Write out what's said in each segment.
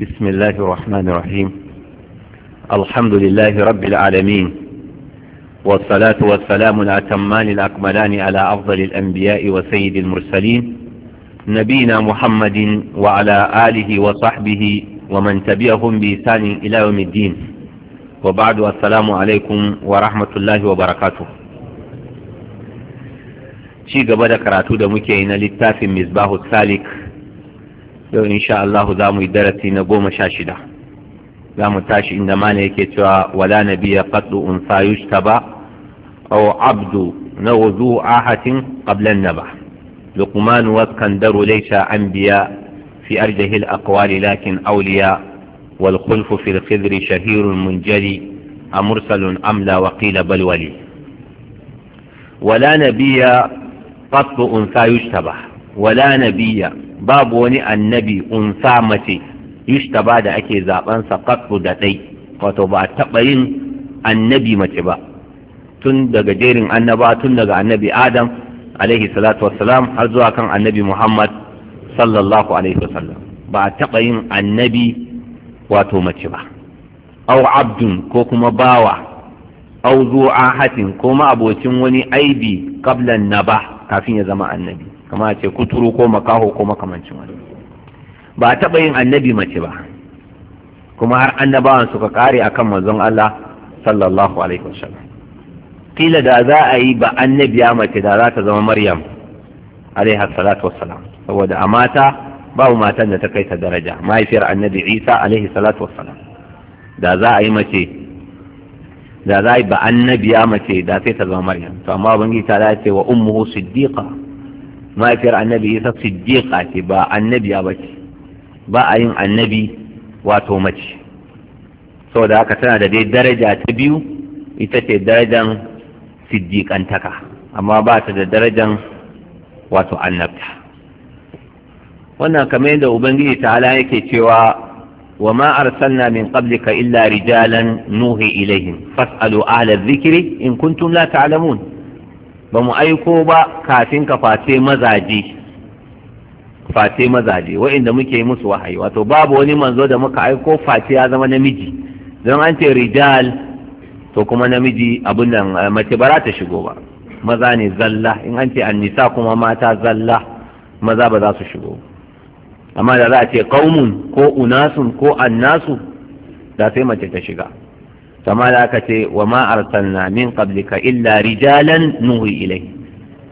بسم الله الرحمن الرحيم الحمد لله رب العالمين والصلاة والسلام الأتمان الأكملان على أفضل الأنبياء وسيد المرسلين نبينا محمد وعلى آله وصحبه ومن تبعهم بإحسان إلى يوم الدين وبعد السلام عليكم ورحمة الله وبركاته شيء قبل كراتو دمكينا للتافي مصباح السالك yau insha Allah za mu yi darasi na goma sha shida za mu tashi inda mana yake cewa wala na biya katsu in ta ba au abdu na wuzu ahatin qablan na ba lukman wasu kandaro zai sha an biya fi arjahil akwali lakin auliya wal khulfu fil khidri shahirun munjari a mursalun amla wa balwali wala na biya katsu in ta ba wala na biya babu wani annabi unsa mace yushtaba da ake zaben sa da dai wato ba taɓa yin annabi mace ba tun daga jerin annaba tun daga annabi adam alaihi salatu wassalam har zuwa kan annabi muhammad sallallahu alaihi wasallam ba a taɓa yin annabi wato mace ba au abdun ko kuma bawa au zuwa hatin ko ma abocin wani aibi kablan na ba kafin ya zama annabi kama a ce kuturu ko makaho ko makamancin wani ba a taɓa yin annabi mace ba kuma har annabawan suka kare akan manzon Allah sallallahu alaihi wasallam kila da za a yi ba annabiya mace da za ta zama maryam alaiha salatu wassalam saboda a mata babu matan da ta kai ta daraja mahaifiyar annabi isa alaihi salatu wassalam da za a yi mace da za a yi ba annabiya mace da sai ta zama maryam to amma ubangiji ta ce wa ummuhu siddiqa mahaifiyar annabi isa siddiqa ce ba annabiya ba ce ba a yin annabi wato mace saboda haka tana da dai daraja ta biyu ita ce darajan siddiƙantaka amma ba ta da darajan wato annabta wannan kamar yadda ubangiji ta'ala yake cewa wa ma arsalna min qablika illa rijalan nuhi ilaihim fas'alu ahla dhikri in kuntum la ta'lamun ba mu aiko ba kafin ka face mazaje face mazaje wa'inda muke musu wahayi wato babu wani manzo da muka aiko face ya zama namiji don an ce rijal to kuma namiji abin nan eh, mace ba ta shigo ba maza ne zalla in an ce annisa kuma mata zalla maza ba za su shigo amma da za a ce kaumun, ko unasun ko annasu da sai mace ta shiga kama da aka ce wa ma arsalna min qablika illa rijalan nuhi ilai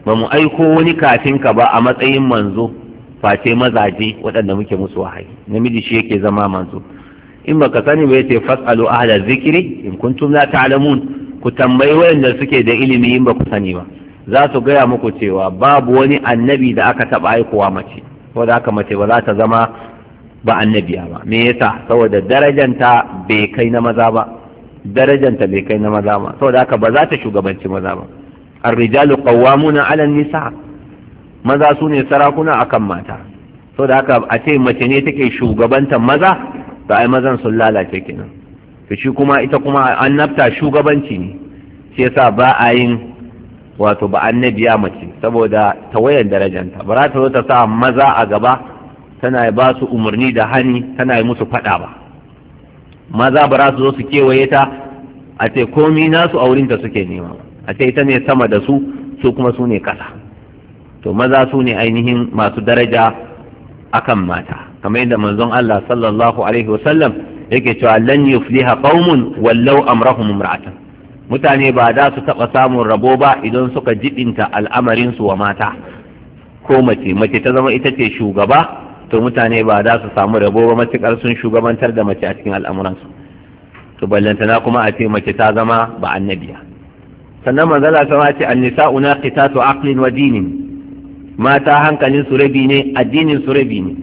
ba mu aiko wani kafin ka ba a matsayin manzo face mazaje waɗanda muke musu wahayi namiji shi yake zama manzo in ba ka sani ba yace fasalu ahla zikri in kuntum la ta'lamun ku tambayi wayanda suke da ilimi in ba ku sani ba za su gaya muku cewa babu wani annabi da aka taɓa aikowa mace ko da aka mace ba za ta zama ba annabiya ba me yasa saboda darajanta bai kai na maza ba darajanta bai kai na maza ba saboda haka ba za ta shugabanci maza ba ar-rijalu qawwamuna 'ala nisa maza su ne sarakuna akan mata saboda haka a ce mace ne take shugabantar maza to ai mazan sun lalace kenan to shi kuma ita kuma annabta shugabanci ne shi yasa ba a yin wato ba annabiya mace saboda tawayan darajanta ba za ta zo ta sa maza a gaba tana ba su umarni da hani tana yi musu fada ba maza ba za su zo su kewaye ta a ce komi nasu a wurinta suke nema a ce ita ne sama da su su kuma su ne kasa to maza su ne ainihin masu daraja akan mata kamar yadda manzon Allah sallallahu alaihi wasallam yake cewa lan yufliha qaumun wallau amrahum imra'atan mutane ba za su taba samun rabo ba idan suka jibinta al'amarin su wa mata ko mace mace ta zama ita ce shugaba to mutane ba za su samu rabo ba matukar sun shugabantar da mace a cikin al'amuransu to ballantana kuma a ce mace ta zama ba annabiya sannan manzala sama ce annisa una qitatu aqlin wa dinin mata hankalin su rabi ne addinin su rabi ne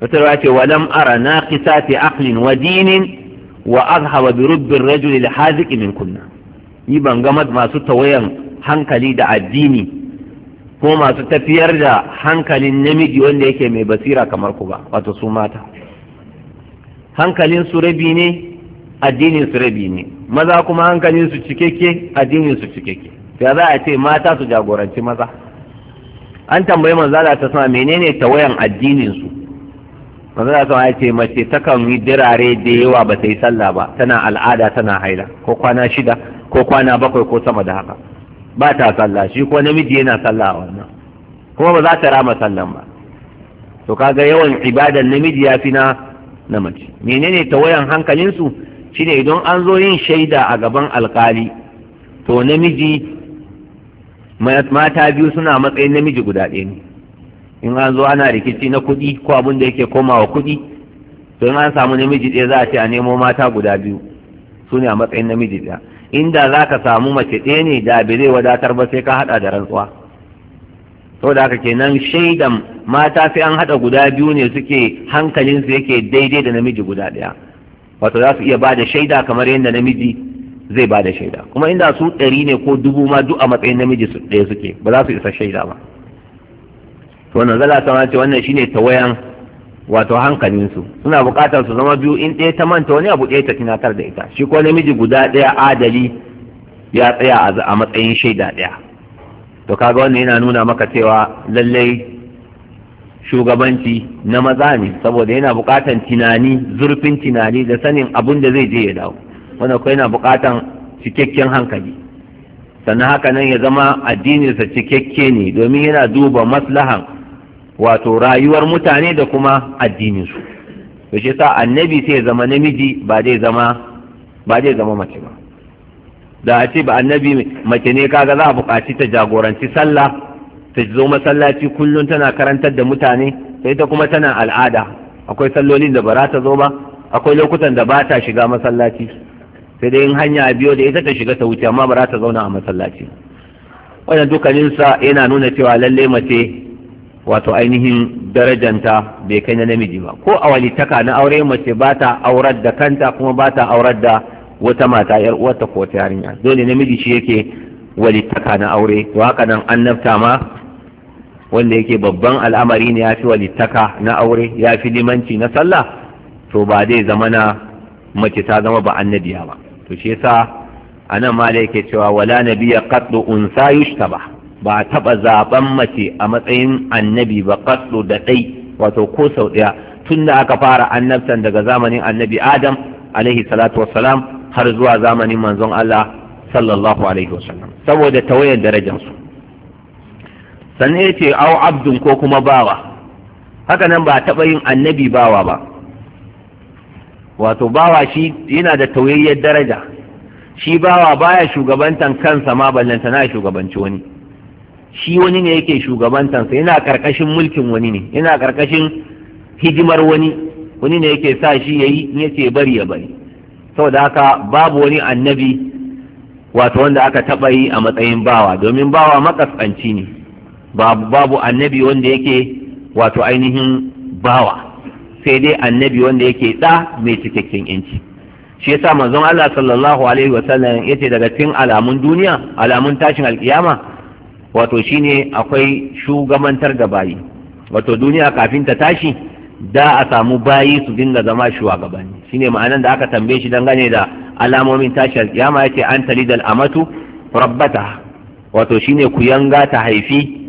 wata rawa ce walam ara na aqlin wa dinin wa azhaba bi rubbi ar-rajul al-haziq min kunna ni ban ga masu tawayan hankali da addini Ko masu tafiyar da hankalin namiji wanda yake mai basira kamar ku ba wato su mata hankalin su rabi ne addinin su rabi ne maza kuma hankalin su cikakke addinin su cikakke ya za a ce mata su jagoranci maza an tambayi da ta sama menene tawayan addinin su da ta ce mace takan yi dirare da yawa ba ta yi sallah ba tana al'ada tana haila ko kwana shida ko kwana bakwai ko sama da haka ba ta sallah shi ko namiji yana sallah a wannan kuma ba za ta rama sallan ba to kaga yawan ibadan namiji ya fi na na mace menene tawayan su shine idan an zo yin shaida a gaban alkali to namiji mata biyu suna matsayin namiji guda ɗaya ne in an zo ana rikici na kuɗi ko abin da yake komawa kuɗi to in an samu namiji ɗaya za a ce a nemo mata guda biyu su ne a matsayin namiji ɗaya inda za ka samu mace ɗaya ne da bai zai wadatar ba sai ka haɗa da rantsuwa to da haka kenan shaidan mata sai an haɗa guda biyu ne suke hankalinsu yake daidai da namiji guda ɗaya wato za su iya ba da shaida kamar yadda namiji zai ba da shaida kuma inda su ɗari ne ko dubu ma duk a matsayin namiji su ɗaya suke ba za su isa shaida ba to wannan zala ta ce wannan shine tawayan wato hankalinsu suna buƙatar su zama biyu in ɗaya ta manta wani abu ɗaya ta tunatar da ita shi ko namiji guda ɗaya adali ya tsaya a matsayin shaida ɗaya to kaga wannan yana nuna maka cewa lallai shugabanci na maza ne saboda yana buƙatar tunani zurfin tunani da sanin abun da zai je ya dawo wanda kuma yana buƙatar cikakken hankali sannan haka nan ya zama addininsa cikakke ne domin yana duba maslahan wato rayuwar mutane da kuma addininsu to shi sa annabi sai zama namiji ba zai zama ba mace ba da a ce ba annabi mace ne kaga za a buƙaci ta jagoranci sallah ta zo masallaci kullum tana karantar da mutane sai ta kuma tana al'ada akwai sallolin da ba za ta zo ba akwai lokutan da ba ta shiga masallaci sai dai in hanya biyo da ita ta shiga ta wuce amma ba za ta zauna a masallaci wannan dukkaninsa yana nuna cewa lalle mace wato ainihin darajanta bai kai na namiji ba ko a walitaka na aure mace ba ta aurar da kanta kuma ba ta aurar da wata mata yar uwarta ko ta yarinya dole namiji shi yake walitaka na aure to haka nan annabta ma wanda yake babban al'amari ne ya fi walittaka na aure ya fi limanci na sallah to ba zai zama na mace ta zama ba annabiya ba to shi yasa anan ma da yake cewa wala nabiyya qatlu unsa yushtaba ba taɓa zaɓen mace a matsayin annabi ba kasu da ɗai wato ko sau ɗaya tun da aka fara annabtan daga zamanin annabi adam alaihi salatu wassalam har zuwa zamanin manzon Allah sallallahu alaihi wasallam saboda tawayen darajarsu sannan ya ce au abdun ko kuma bawa haka nan ba taɓa yin annabi bawa ba wato bawa shi yana da tawayayyar daraja shi bawa baya shugabantan kansa ma ballantana shugabanci wani shi wani ne yake shugabantansa yana karkashin mulkin wani ne yana karkashin hidimar wani wani ne yake sa shi ya yayi in yace bari ya bari saboda haka babu wani annabi wato wanda aka taba yi a matsayin bawa domin bawa makaskanci ne babu annabi wanda yake wato ainihin bawa sai dai annabi wanda yake da mai cikakken yanci shi yasa manzon Allah sallallahu alaihi wasallam yace daga cikin alamun duniya alamun tashin alkiyama wato shine akwai shugabantar da bayi wato duniya kafin ta tashi da a samu bayi su dinga zama shugabanni shine ma'anan da aka tambaye shi gane da alamomin tashi alkiyama yake an talidal amatu rabbata wato shine ku yanga ta haifi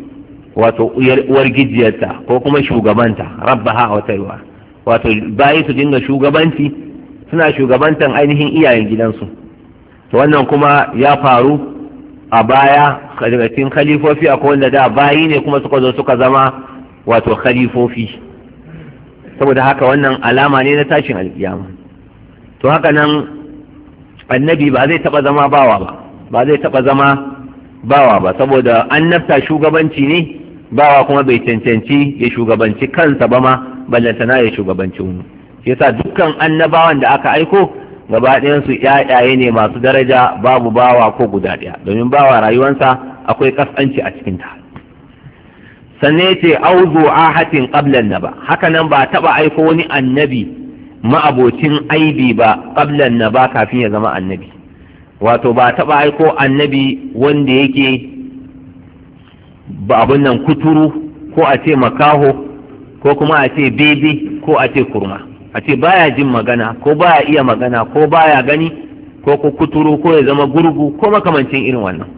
wato uwar gijiyarta ko kuma shugabanta ha a wata wato bayi su dinga shugabanci suna shugabantan ainihin iyayen gidansu to wannan kuma ya faru a baya daga cikin a akwai wanda da bayi ne kuma suka zo suka zama wato kalifofi saboda haka wannan alama ne na tashin alkiyama to haka nan annabi ba zai taba zama bawa ba ba zai taba zama bawa ba saboda annabta shugabanci ne bawa kuma bai cancanci ya shugabanci kansa ba ma ballantana ya shugabanci wani yasa dukkan annabawan da aka aiko gaba ɗayansu ƴaƴaye ne masu daraja babu bawa ko guda ɗaya domin bawa rayuwansa akwai kaskanci a cikinta sannan ya ce auzu ahatin qablan naba haka nan ba taba aiko wani annabi ma'abocin aibi ba qablan ba kafin ya zama annabi wato ba taba aiko annabi wanda yake ba abun nan kuturu ko a ce makaho ko kuma a ce bebe ko a ce kurma a ce baya jin magana ko baya iya magana ko baya gani ko kuturu ko ya zama gurgu ko makamancin irin wannan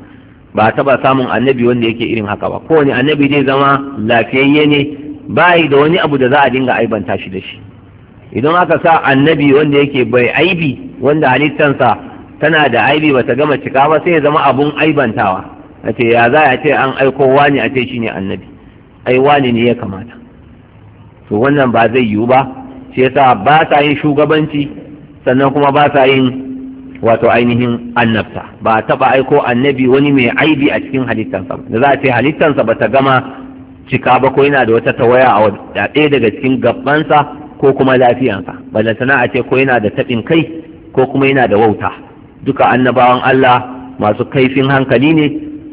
ba a taba samun annabi wanda yake irin haka ba kowane annabi zai zama lafiyayye ne bayi da wani abu da za a dinga aibanta shi da shi idan aka sa annabi wanda yake bai aibi wanda halittansa tana da aibi ba ta gama cika ba sai ya zama abun aibantawa a ce ya za a ce an aiko wani a ce ne annabi ai wani ne ya kamata to wannan ba zai yiwu ba shi yasa ba sa yin shugabanci sannan kuma ba sa yin wato ainihin annabta ba taba aiko annabi wani mai aibi a cikin halittansa da za a ce halittansa ba ta gama cika ba ko yana da wata tawaya a ɗaya daga cikin gabansa ko kuma lafiyansa ballantana a ce ko yana da taɓin kai ko kuma yana da wauta duka annabawan Allah masu kaifin hankali ne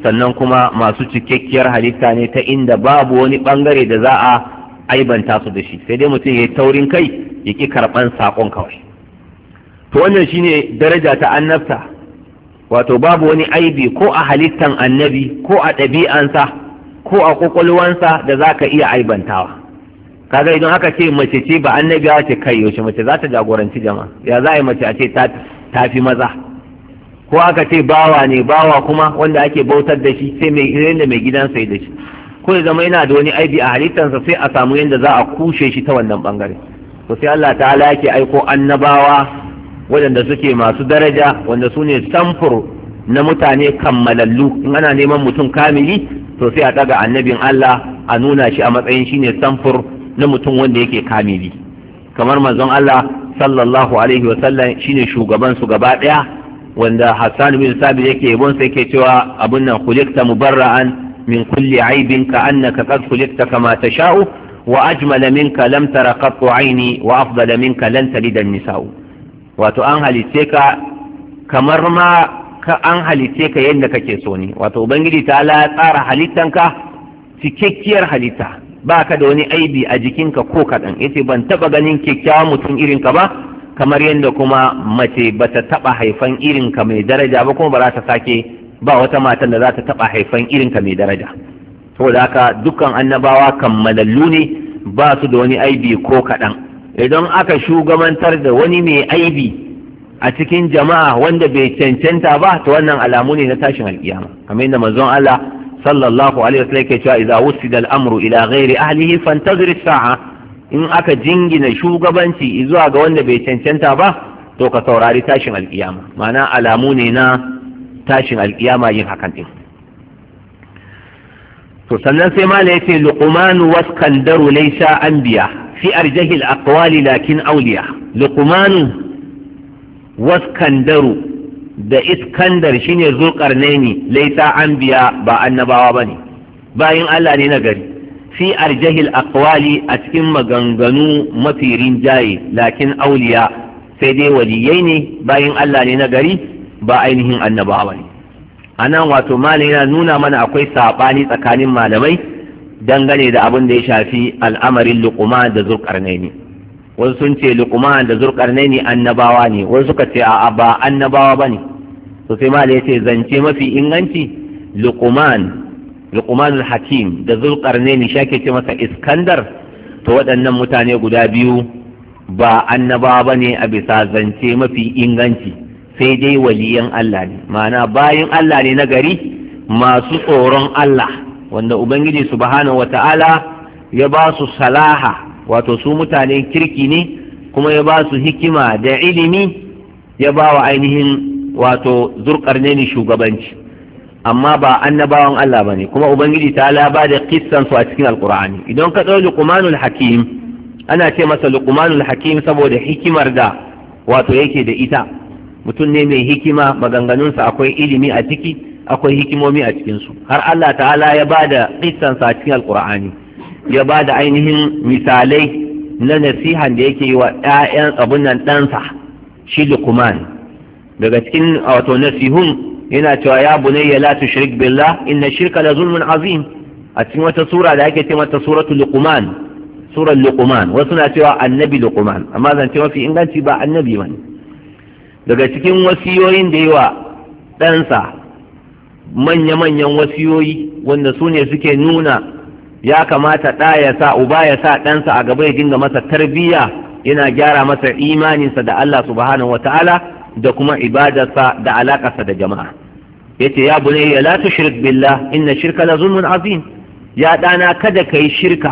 sannan kuma masu cikakkiyar halitta ne ta inda babu wani bangare da za a aibanta su da shi sai dai mutum ya yi taurin kai ya ƙi karɓan saƙon kawai to wannan shine daraja ta annabta wato babu wani aibi ko a halittan annabi ko a ɗabi'ansa ko a ƙwaƙwalwansa da za ka iya aibantawa kaga idan aka ce mace ce ba annabi ya ce kai yaushe mace za ta jagoranci jama'a ya za a yi mace a ce ta fi maza ko aka ce bawa ne bawa kuma wanda ake bautar da shi sai mai irin da mai gidan sai da shi ko ya zama yana da wani aibi a halittarsa sai a samu yadda za a kushe shi ta wannan bangare to sai Allah ta'ala yake aiko annabawa waɗanda suke masu daraja wanda su ne samfur na mutane kammalallu in ana neman mutum kamili to sai a ɗaga annabin Allah a nuna shi a matsayin shi ne samfur na mutum wanda yake kamili kamar manzon Allah sallallahu alaihi wa sallam shine shugaban su gaba ɗaya wanda Hassan bin Sabit yake yabon sai yake cewa abun nan khuliqta mubarra'an min kulli aibin ka annaka qad khuliqta kama tasha'u wa ajmala minka lam tara qattu aini wa afdala minka lan talida nisa'u wato an halice ka kamar ma ka an halice ka yadda kake so ne wato ubangiji ta ala tsara halittanka cikakkiyar halitta ba ka da wani aibi a jikinka ko kaɗan yace ban taɓa ganin kyakkyawan mutum irin ka ba kamar yadda kuma mace ba ta taɓa haifan irin ka mai daraja ba kuma ba za ta sake ba wata matan da za ta taɓa haifan irin ka mai daraja to da haka dukkan annabawa kammalallu ne ba su da wani aibi ko kaɗan idan aka shugabantar da wani mai aibi a cikin jama'a wanda bai cancanta ba to wannan alamu ne na tashin alkiyama kamar yadda manzon Allah sallallahu alaihi wasallam yake cewa idza wusida al-amru ila ghairi ahlihi fantazir as-sa'a in aka jingina shugabanci zuwa ga wanda bai cancanta ba to ka saurari tashin alkiyama ma'ana alamu ne na tashin alkiyama yin hakan din to sannan sai mala yace wa waskandaru laysa anbiya' fi arjahil aqwali lakin auliya lukmanu waskandaru da iskandar shine zulqarnaini laita anbiya ba annabawa bane bayin Allah ne na gari fi arjahil aqwali a cikin maganganu mafi rinjaye lakin auliya sai dai waliyai ne bayan Allah ne na ba ainihin annabawa ne a nan wato malin yana nuna mana akwai saɓani tsakanin malamai dangane da abin da ya shafi al'amarin luqman da zulqarnaini wasu sun ce luqman da zulqarnaini annabawa ne wasu suka ce a'a ba annabawa bane to sai malai ya ce zance mafi inganci luqman luqman hakim da zulqarnaini shake ce masa iskandar to waɗannan mutane guda biyu ba annabawa bane a bisa zance mafi inganci sai dai waliyan Allah ne ma'ana bayan Allah ne na gari masu tsoron Allah wanda ubangiji subhanahu wata'ala ya ba su salaha wato su mutanen kirki ne kuma ya ba su hikima da ilimi ya ba wa ainihin wato zurkar ne shugabanci amma ba annabawan Allah bane kuma ubangiji ta ba da kissan su a cikin alkur'ani idan ka ɗau luqmanul hakim ana ce masa luqmanul hakim saboda hikimar da wato yake da ita mutum ne mai hikima maganganunsa akwai ilimi a ciki akwai hikimomi a cikinsu har Allah ta'ala ya ba da ƙisansa a cikin alƙur'ani ya ba da ainihin misalai na nasihan da yake yi wa ɗayan abin nan ɗansa shi lukuman daga cikin wato nasihun yana cewa ya bunayya la tushrik billah inna shirka la zulmun azim a cikin wata sura da ake ce mata suratul luqman surar luqman wasu na cewa annabi luqman amma ce mafi inganci ba annabi bane daga cikin wasiyoyin da wa ɗansa manya-manyan wasiyoyi wanda su ne suke nuna ya kamata ɗa ya sa uba ya sa ɗansa a gaba ya dinga masa tarbiyya yana gyara masa imaninsa da Allah subhanahu wata'ala da kuma ibadarsa da alaƙarsa da jama'a yace ya bunayya la tushrik billah inna shirka la zulmun azim ya ɗana kada kai shirka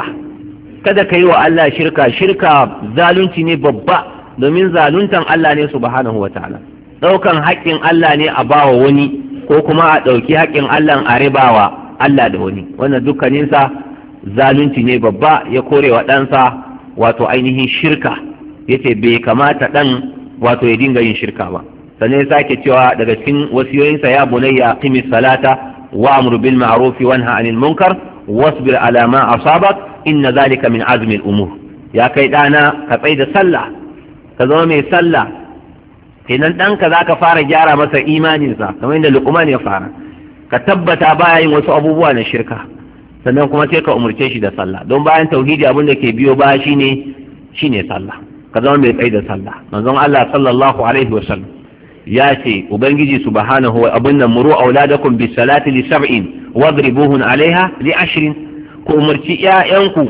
kada kai wa Allah shirka shirka zalunci ne babba domin zaluntan Allah ne subhanahu wata'ala daukan haƙƙin Allah ne a bawa wani ko kuma a ɗauki haƙƙin Allah a ribawa Allah da wani wannan dukkaninsa zalunci ne babba ya kore wa ɗansa wato ainihin shirka yace bai kamata ɗan wato ya dinga yin shirka ba sannan ya sake cewa daga cikin wasiyoyinsa ya bunayya aqimi salata wa amru bil ma'ruf wa anha 'anil munkar wasbir ala ma asabak inna zalika min azmi al umur ya kai ɗana ka tsai da sallah ka zama mai sallah kenan ɗanka za ka fara gyara masa imaninsa kamar yadda luqman ya fara ka tabbata baya yin wasu abubuwa na shirka sannan kuma sai ka umarce shi da sallah don bayan tauhidi abin da ke biyo baya shine shine sallah ka zama mai tsayi da sallah manzon Allah sallallahu alaihi wa sallam ya ce ubangiji subhanahu wa abin nan muru auladakum bis salati li sab'in wadribuhun alaiha li ashrin ku umarci 'ya'yanku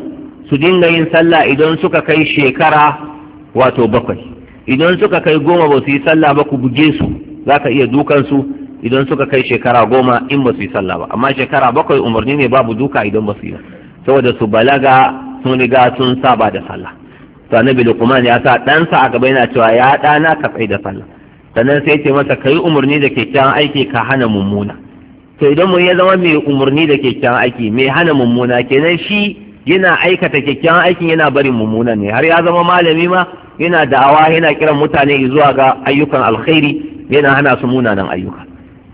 su dinga yin sallah idan suka kai shekara wato bakwai idan suka kai goma ba su yi sallah ba ku buge su za ka iya dukansu idan suka kai shekara goma in ba su yi sallah ba amma shekara bakwai umarni ne babu duka idan ba su yi saboda su balaga sun riga sun saba da sallah to annabi luqman ya sa ɗansa a gaba yana cewa ya ɗana ka tsai da sallah sannan sai ce masa kai umarni da kyakkyawan aiki ka hana mummuna to idan mun ya zama mai umarni da kyakkyawan aiki mai hana mummuna kenan shi yana aikata kyakkyawan aikin yana barin mummuna ne har ya zama malami ma yana da'awa yana kiran mutane zuwa ga ayyukan alkhairi yana hana su munanan ayyuka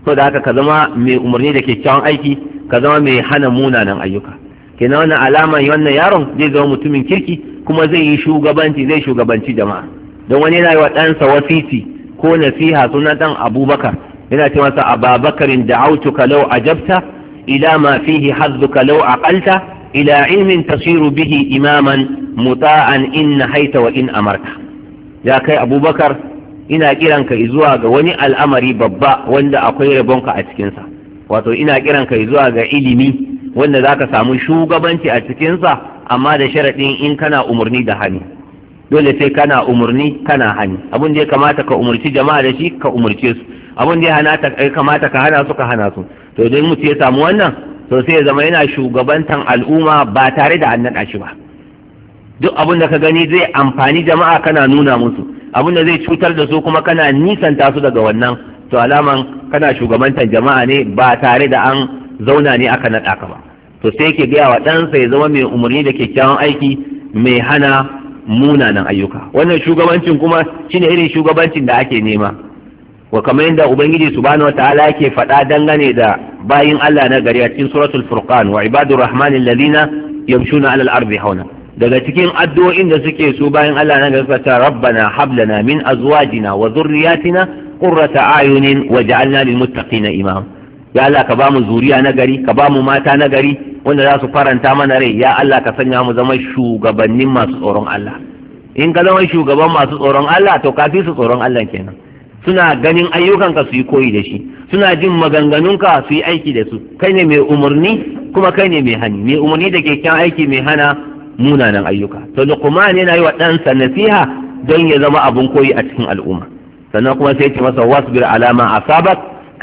to da haka ka zama mai umarni da kyakkyawan aiki ka zama mai hana munanan ayyuka kenan wannan alama wannan yaron zai zama mutumin kirki kuma zai yi shugabanci zai shugabanci jama'a don wani yana yi wa ɗansa wasiti ko nasiha suna ɗan abubakar yana ce masa ababakarin lau a jabta ila ma fihi kalau a kalta ila ilmin tasiru bihi imaman muta'an in nahaita wa in amarka ya kai abubakar ina kiranka zuwa ga wani al'amari babba wanda akwai rabonka a cikinsa wato ina kiranka zuwa ga ilimi wanda za ka samu shugabanci a cikinsa amma da sharaɗin in kana umarni da hani dole sai kana umarni kana hani abin da ya kamata ka umarci jama'a da shi ka umarce su abin da ya kamata ka hana su ka hana su to idan mutum ya samu wannan to sai ya zama yana shugabantan al'umma ba tare da an naɗa shi ba duk abin da ka gani zai amfani jama'a kana nuna musu abin da zai cutar da su kuma kana nisanta su daga wannan to alaman kana shugabantar jama'a ne ba tare da an zauna ne aka naɗa ka ba to sai yake gaya wa ɗansa ya zama mai umarni da kyakkyawan aiki mai hana munanan ayyuka wannan shugabancin kuma shine irin shugabancin da ake nema wa kamar yadda ubangiji subhanahu wataala yake faɗa dangane da bayin Allah na gari a cikin suratul furqan wa ibadur rahmanin ladina yamshuna alal ardi hauna daga cikin addu'o'in da suke so bayan Allah na gaskata rabbana hablana min azwajina wa dhurriyyatina qurrata ayunin waj'alna lil muttaqina imam ya Allah ka bamu zuriya na gari ka bamu mata na gari wanda za su faranta mana rai ya Allah ka sanya mu zama shugabannin masu tsoron Allah in ka zama shugaban masu tsoron Allah to ka fi su tsoron Allah kenan suna ganin ayyukanka su yi koyi da shi suna jin maganganunka su yi aiki da su kai ne mai umarni kuma kai ne mai hani mai umarni da kyakkyawan aiki mai hana munanan ayyuka to luqman yana yi wa ɗansa nasiha don ya zama abun koyi a cikin al'umma sannan kuma sai ya ce masa wasbir alama Ka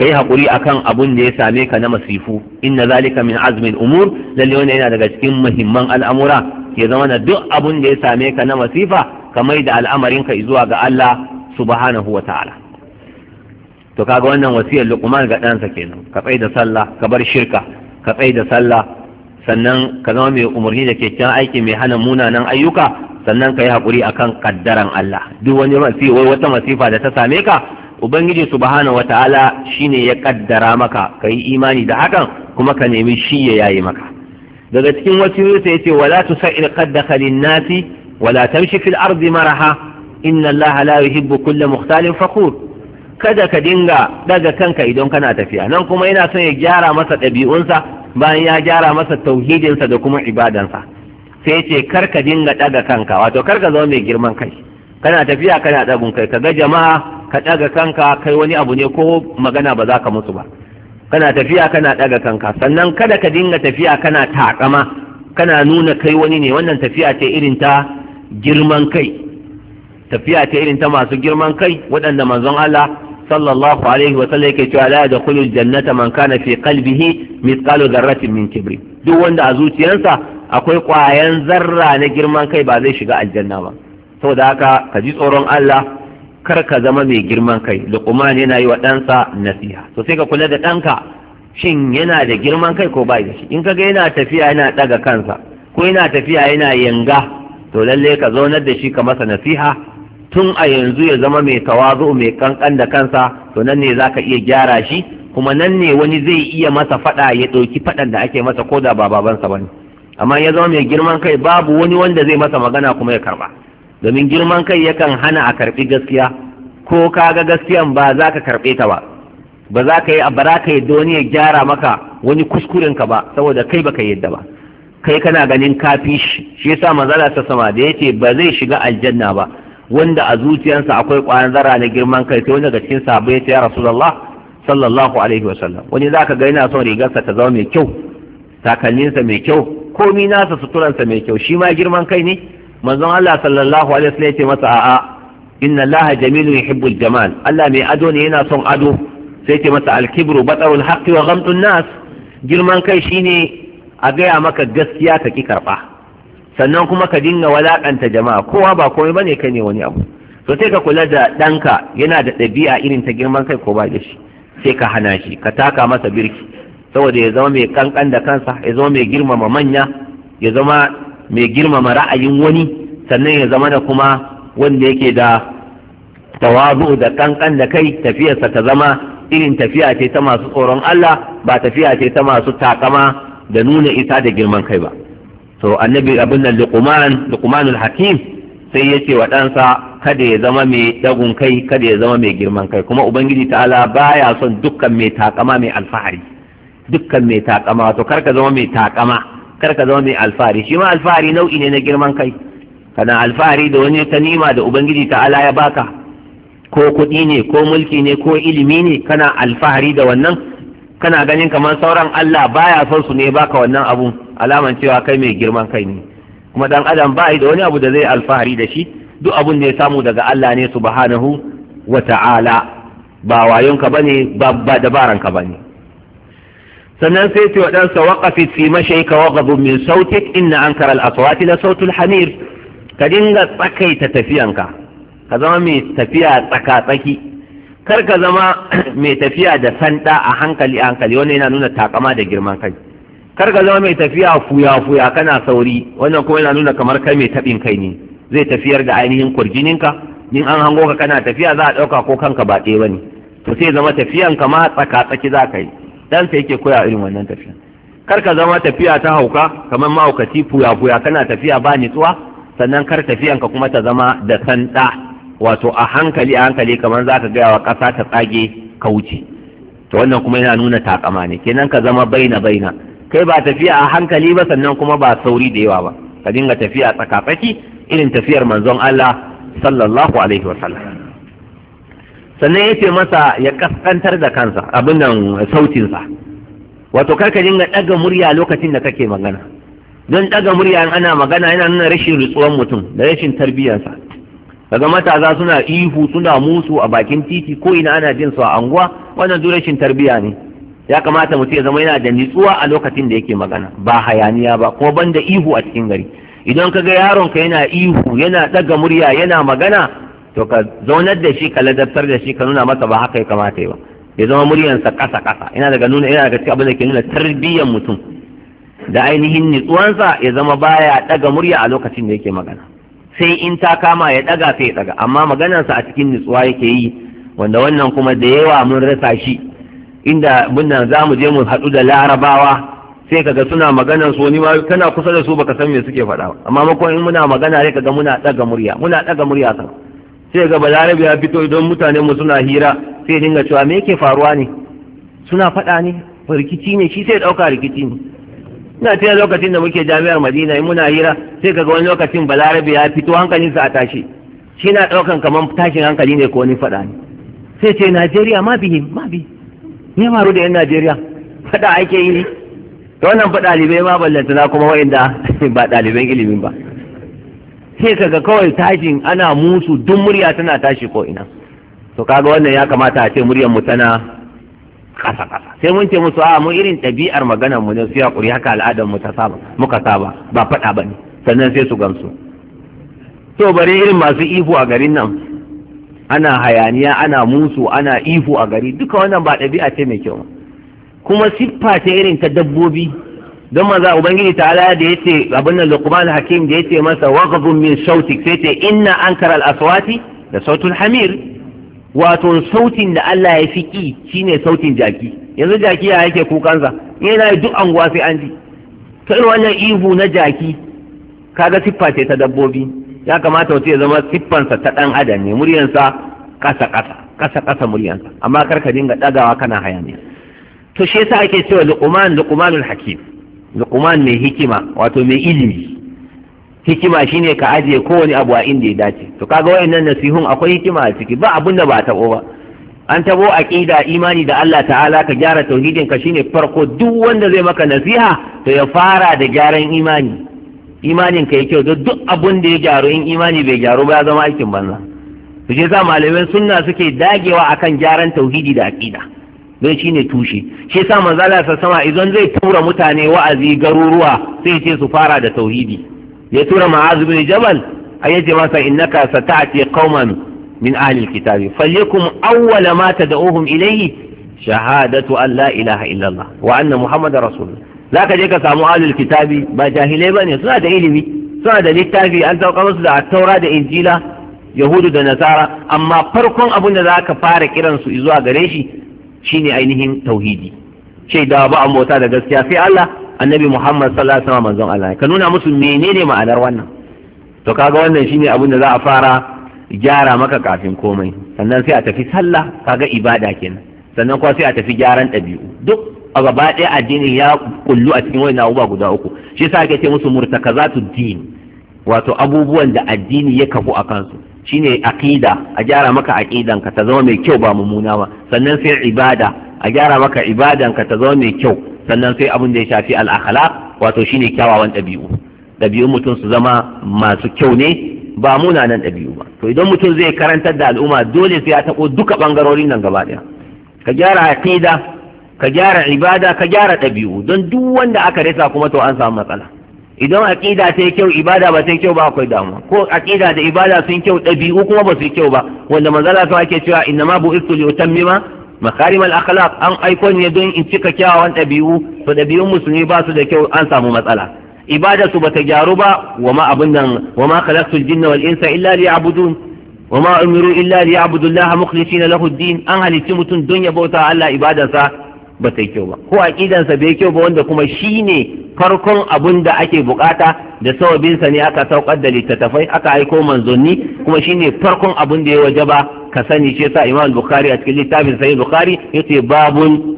kai hakuri akan abun da ya same ka na masifu inna zalika min azmin umur lalle wannan yana daga cikin muhimman al'amura ya zama na duk abun da ya same ka na masifa kamar da al'amarin ka zuwa ga Allah subhanahu wataala to kaga wannan wasiyar luqman ga ɗansa kenan ka tsai da sallah ka bar shirka ka tsai da sallah sannan ka zama mai umarni da keken aiki mai hana munanan ayyuka sannan ka yi haƙuri akan kaddaran Allah duk wani wai wata masifa da ta same ka ubangiji subhanahu wataala shine ya kaddara maka ka yi imani da hakan kuma ka nemi shi ya yayi maka daga cikin wasu sai ce wala tusa'il qaddaka lin-nasi wala tamshi fil ardi maraha inna Allah la yuhibbu kulla mukhtalin fakhur kada ka dinga daga kanka idan kana tafiya nan kuma yana son ya gyara masa ɗabi'unsa bayan ya gyara masa tauhidinsa da kuma ibadansa sai ce kar ka dinga ɗaga kanka wato kar ka zama mai girman kai kana tafiya kana ɗagun kai ka ga jama'a ka ɗaga kanka kai wani abu ne ko magana ba za ka musu ba kana tafiya kana ɗaga kanka sannan kada ka dinga tafiya kana taƙama kana nuna kai wani ne wannan tafiya ce irin ta girman kai tafiya ce irin ta masu girman kai waɗanda manzon Allah sallallahu alaihi wa sallam yake cewa la yadkhulul jannata man kana fi qalbihi mithqalu dharratin min kibri duk wanda a zuciyarsa akwai kwayan zarra na girman kai ba zai shiga aljanna ba saboda haka ka ji tsoron Allah kar ka zama mai girman kai luqman yana yi wa ɗansa nasiha to sai ka kula da ɗanka shin yana da girman kai ko bai da shi in kaga yana tafiya yana ɗaga kansa ko yana tafiya yana yanga to lalle ka zaunar da shi ka masa nasiha tun a yanzu ya zama mai tawazu mai kankan da kansa to nan ne zaka iya gyara shi kuma nan ne wani zai iya masa fada ya ɗauki fadan da ake masa ko da ba babansa bane amma ya zama mai girman kai babu wani wanda zai masa magana kuma ya karba domin girman kai yakan hana a karbi gaskiya ko ka ga gaskiyan ba za ka karbe ta ba ba za ka yi ba za ka wani ya gyara maka wani kuskuren ka ba saboda kai baka yadda ba kai kana ganin kafi shi shi yasa manzala ta sama da yace ba zai shiga aljanna ba wanda a zuciyarsa akwai ƙwayan na girman kai sai wani daga cikin sahabbai ya ce ya rasulullah sallallahu alaihi wa sallam wani ka ga yana son rigarsa ta zama mai kyau takalminsa mai kyau komi nasa suturansa mai kyau shi ma girman kai ne manzon Allah sallallahu alaihi wasallam ya ce masa a'a inna Allah jamilun yuhibbul jamal Allah mai ado ne yana son ado sai ce masa al-kibru batarul haqqi wa ghamtun nas girman kai shine a gaya maka gaskiya ka ki karba sannan kuma ka dinga walakanta jama'a kowa ba komai bane kai ne wani abu to sai ka kula da ɗanka yana da ɗabi'a irin ta girman kai ko ba da shi sai ka hana shi ka taka masa birki saboda ya zama mai kankan da kansa ya zama mai girmama manya ya zama mai girmama ra'ayin wani sannan ya zama da kuma wanda yake da tawazu da kankan da kai tafiyarsa ta zama irin tafiya ce ta masu tsoron Allah ba tafiya ce ta masu takama da nuna isa da girman kai ba to annabi abin nan luqman luqmanul hakim sai ya ce wa ɗansa kada ya zama mai dagun kai kada ya zama mai girman kai kuma ubangiji ta'ala baya son dukkan mai takama mai alfahari dukkan mai takama to kar ka zama mai takama kar ka zama mai alfahari shi ma alfahari nau'i ne na girman kai kana alfahari da wani ta nima da ubangiji ta'ala ya baka ko kuɗi ne ko mulki ne ko ilimi ne kana alfahari da wannan kana ganin kamar sauran Allah baya son su ne baka wannan abun alaman cewa kai mai girman kai ne kuma dan adam ba da wani abu da zai alfahari da shi duk abun da ya samu daga Allah ne subhanahu wa ta'ala ba wayonka bane ba ba dabaranka bane sannan sai ce waɗansa waƙafi fi mashaika waghadun min sautik inna ankara al-aswati na sautul hamir ka dinga tsakaita tafiyanka ka zama mai tafiya tsaka-tsaki kar ka zama mai tafiya da sanda a hankali a hankali wannan yana nuna takama da girman kai kar ka zama mai tafiya fuya fuya kana sauri wannan kuma yana nuna kamar kai mai taɓin kai ne zai tafiyar da ainihin kurjininka in an hango ka kana tafiya za a ɗauka ko kanka ba ɗaya bane to sai zama tafiyan ka ma tsaka tsaki za ka yi dan sai yake koya irin wannan tafiya kar ka zama tafiya ta hauka kamar mahaukaci fuya fuya kana tafiya ba nitsuwa sannan kar tafiyan ka kuma ta zama da sanda wato a hankali a hankali kamar za ka gaya wa ƙasa ta tsage ka wuce to wannan kuma yana nuna takama ne kenan ka zama baina baina kai ba tafiya a hankali ba sannan kuma ba sauri da yawa ba ka dinga tafiya tsakatsaki irin tafiyar manzon Allah sallallahu alaihi wa sallam sannan yace masa ya kaskantar da kansa abin nan sautin sa wato kar ka dinga daga murya lokacin da kake magana don daga murya in ana magana yana nuna rashin rutsuwar mutum da rashin tarbiyyarsa daga matasa suna ihu suna musu a bakin titi ko ina ana jin su a anguwa wannan duk rashin tarbiyya ne ya kamata mutum ya zama yana da nitsuwa a lokacin da yake magana ba hayaniya ba kuma banda ihu a cikin gari idan ka ga yaronka yana ihu yana ɗaga murya yana magana to ka zaunar da shi ka ladabtar da shi ka nuna masa ba haka ya kamata ba ya zama muryansa ƙasa ƙasa yana daga nuna yana daga cikin abin da ke nuna tarbiyyar mutum da ainihin nitsuwansa ya zama baya ɗaga murya a lokacin da yake magana sai in ta kama ya ɗaga sai ya ɗaga amma maganarsa a cikin nitsuwa yake yi wanda wannan kuma da yawa mun rasa shi inda muna za mu je mu haɗu da larabawa sai kaga suna magana su wani ma kana kusa da su baka san me suke faɗa amma makon in muna magana sai kaga muna ɗaga murya muna ɗaga murya kan sai kaga balarabe ya fito don mutane mu suna hira sai dinga cewa me yake faruwa ne suna faɗa ne rikici ne shi sai ɗauka rikici ne ina tuna lokacin da muke jami'ar madina in muna hira sai kaga wani lokacin balarabe ya fito hankalinsa a tashi shi na ɗaukan kamar tashin hankali ne ko wani faɗa ne sai ce najeriya ma bihi ma bihi ne maru da yan najeriya fada ake yi ne ta wannan fa ɗalibai ma ballanta na kuma wa'inda ba ɗaliban ilimin ba sai kaga kawai tashin ana musu duk murya tana tashi ko ina to kaga wannan ya kamata a ce muryar mu tana kasa kasa sai mun ce musu a mu irin ɗabi'ar maganar mu ne su ƙuri haka al'adar mu ta saba muka saba ba faɗa ba ne sannan sai su gamsu to bari irin masu ihu a garin nan ana hayaniya ana musu ana ihu a gari duka wannan ba ɗabi'a ce mai kyau kuma siffa ta irin ta dabbobi don maza ubangiji ala da ya abin nan luqman hakim da ya ce masa waqdun min sautik sai ce inna ankara al-aswati da sautin hamir wato sautin da Allah ya fi ki shine sautin jaki yanzu jaki ya yake kukansa yana duk anguwa sai an ji Ta irin wannan ihu na jaki kaga siffa ce ta dabbobi ya kamata mutum ya zama siffansa ta ɗan adam ne muryansa ƙasa ƙasa ƙasa ƙasa muryansa amma kar ka dinga ɗagawa kana hayaniya to shi yasa ake cewa luqman luqmanul hakim luqman mai hikima wato mai ilimi hikima shine ka ajiye kowane abu a inda ya dace to kaga wayannan nasihun akwai hikima a ciki ba abun da ba taɓo ba an tabo aqida imani da Allah ta'ala ka gyara tauhidin ka shine farko duk wanda zai maka nasiha to ya fara da gyaran imani imanin ka yi kyau da duk abun da ya gyaru in imani bai gyaru ba ya zama aikin banza su je sa malaman sunna suke dagewa akan gyaran tauhidi da aqida don shi ne tushe shi yasa manzo Allah sassama, sama idan zai tura mutane wa'azi garuruwa sai ce su fara da tauhidi ya tura ma'az bin jabal ayyace masa innaka sata'ti qauman min ahli alkitabi falyakum awwala ma tad'uhum ilayhi shahadatu an la ilaha illallah wa anna muhammadar rasulullah za ka je ka samu alul kitabi ba jahilai ba ne suna da ilimi suna da littafi an sauka musu da taura da injila yahudu da nasara amma farkon abin da za ka fara kiransu zuwa gare shi shine ainihin tauhidi shaidawa ba an bauta da gaskiya sai Allah annabi Muhammad sallallahu alaihi wasallam manzon Allah ka nuna musu menene ma'anar wannan to kaga wannan shine abin da za a fara gyara maka kafin komai sannan sai a tafi sallah kaga ibada kenan sannan kuma sai a tafi gyaran ɗabi'u duk a gaba ɗaya addini ya kullu a cikin wani abubuwa guda uku shi yasa ake ce musu murtakazatu din wato abubuwan da addini ya kafu a kansu shine aqida a gyara maka aqidan ka ta zama mai kyau ba mummuna ba sannan sai ibada a gyara maka ibadan ka ta zama mai kyau sannan sai abin da ya shafi al wato shine kyawawan ɗabi'u ɗabi'un mutum su zama masu kyau ne ba munanan ɗabi'u ba to idan mutum zai karantar da al'umma dole sai ya taɓo duka ɓangarorin nan gaba ɗaya ka gyara aqida ka gyara ibada ka gyara ɗabi'u don duk wanda aka rasa kuma to an samu matsala idan aqida ta kyau ibada ba ta kyau ba akwai damuwa ko aqida da ibada sun kyau ɗabi'u kuma ba su kyau ba wanda manzala ta ake cewa inna ma bu'istu li utammima makarim al akhlaq an aiko ne don in cika kyawawan ɗabi'u to ɗabi'un musulmi ba su da kyau an samu matsala ibada su bata gyaru ba wa ma abin nan wa ma khalaqtul jinna wal insa illa liya'budun wa ma umiru illa liya'budu Allah mukhlisina lahu ad-din an halicci mutum don ya bauta Allah ibadarsa ba ta yi kyau ba ko sa bai kyau ba wanda kuma shi ne farkon abun da ake bukata da sawabinsa ne aka saukar da littattafai aka aiko manzanni kuma ne farkon abun da ya ba ka sani shi yasa Imam bukari a cikin littafin Sahih bukari yace babun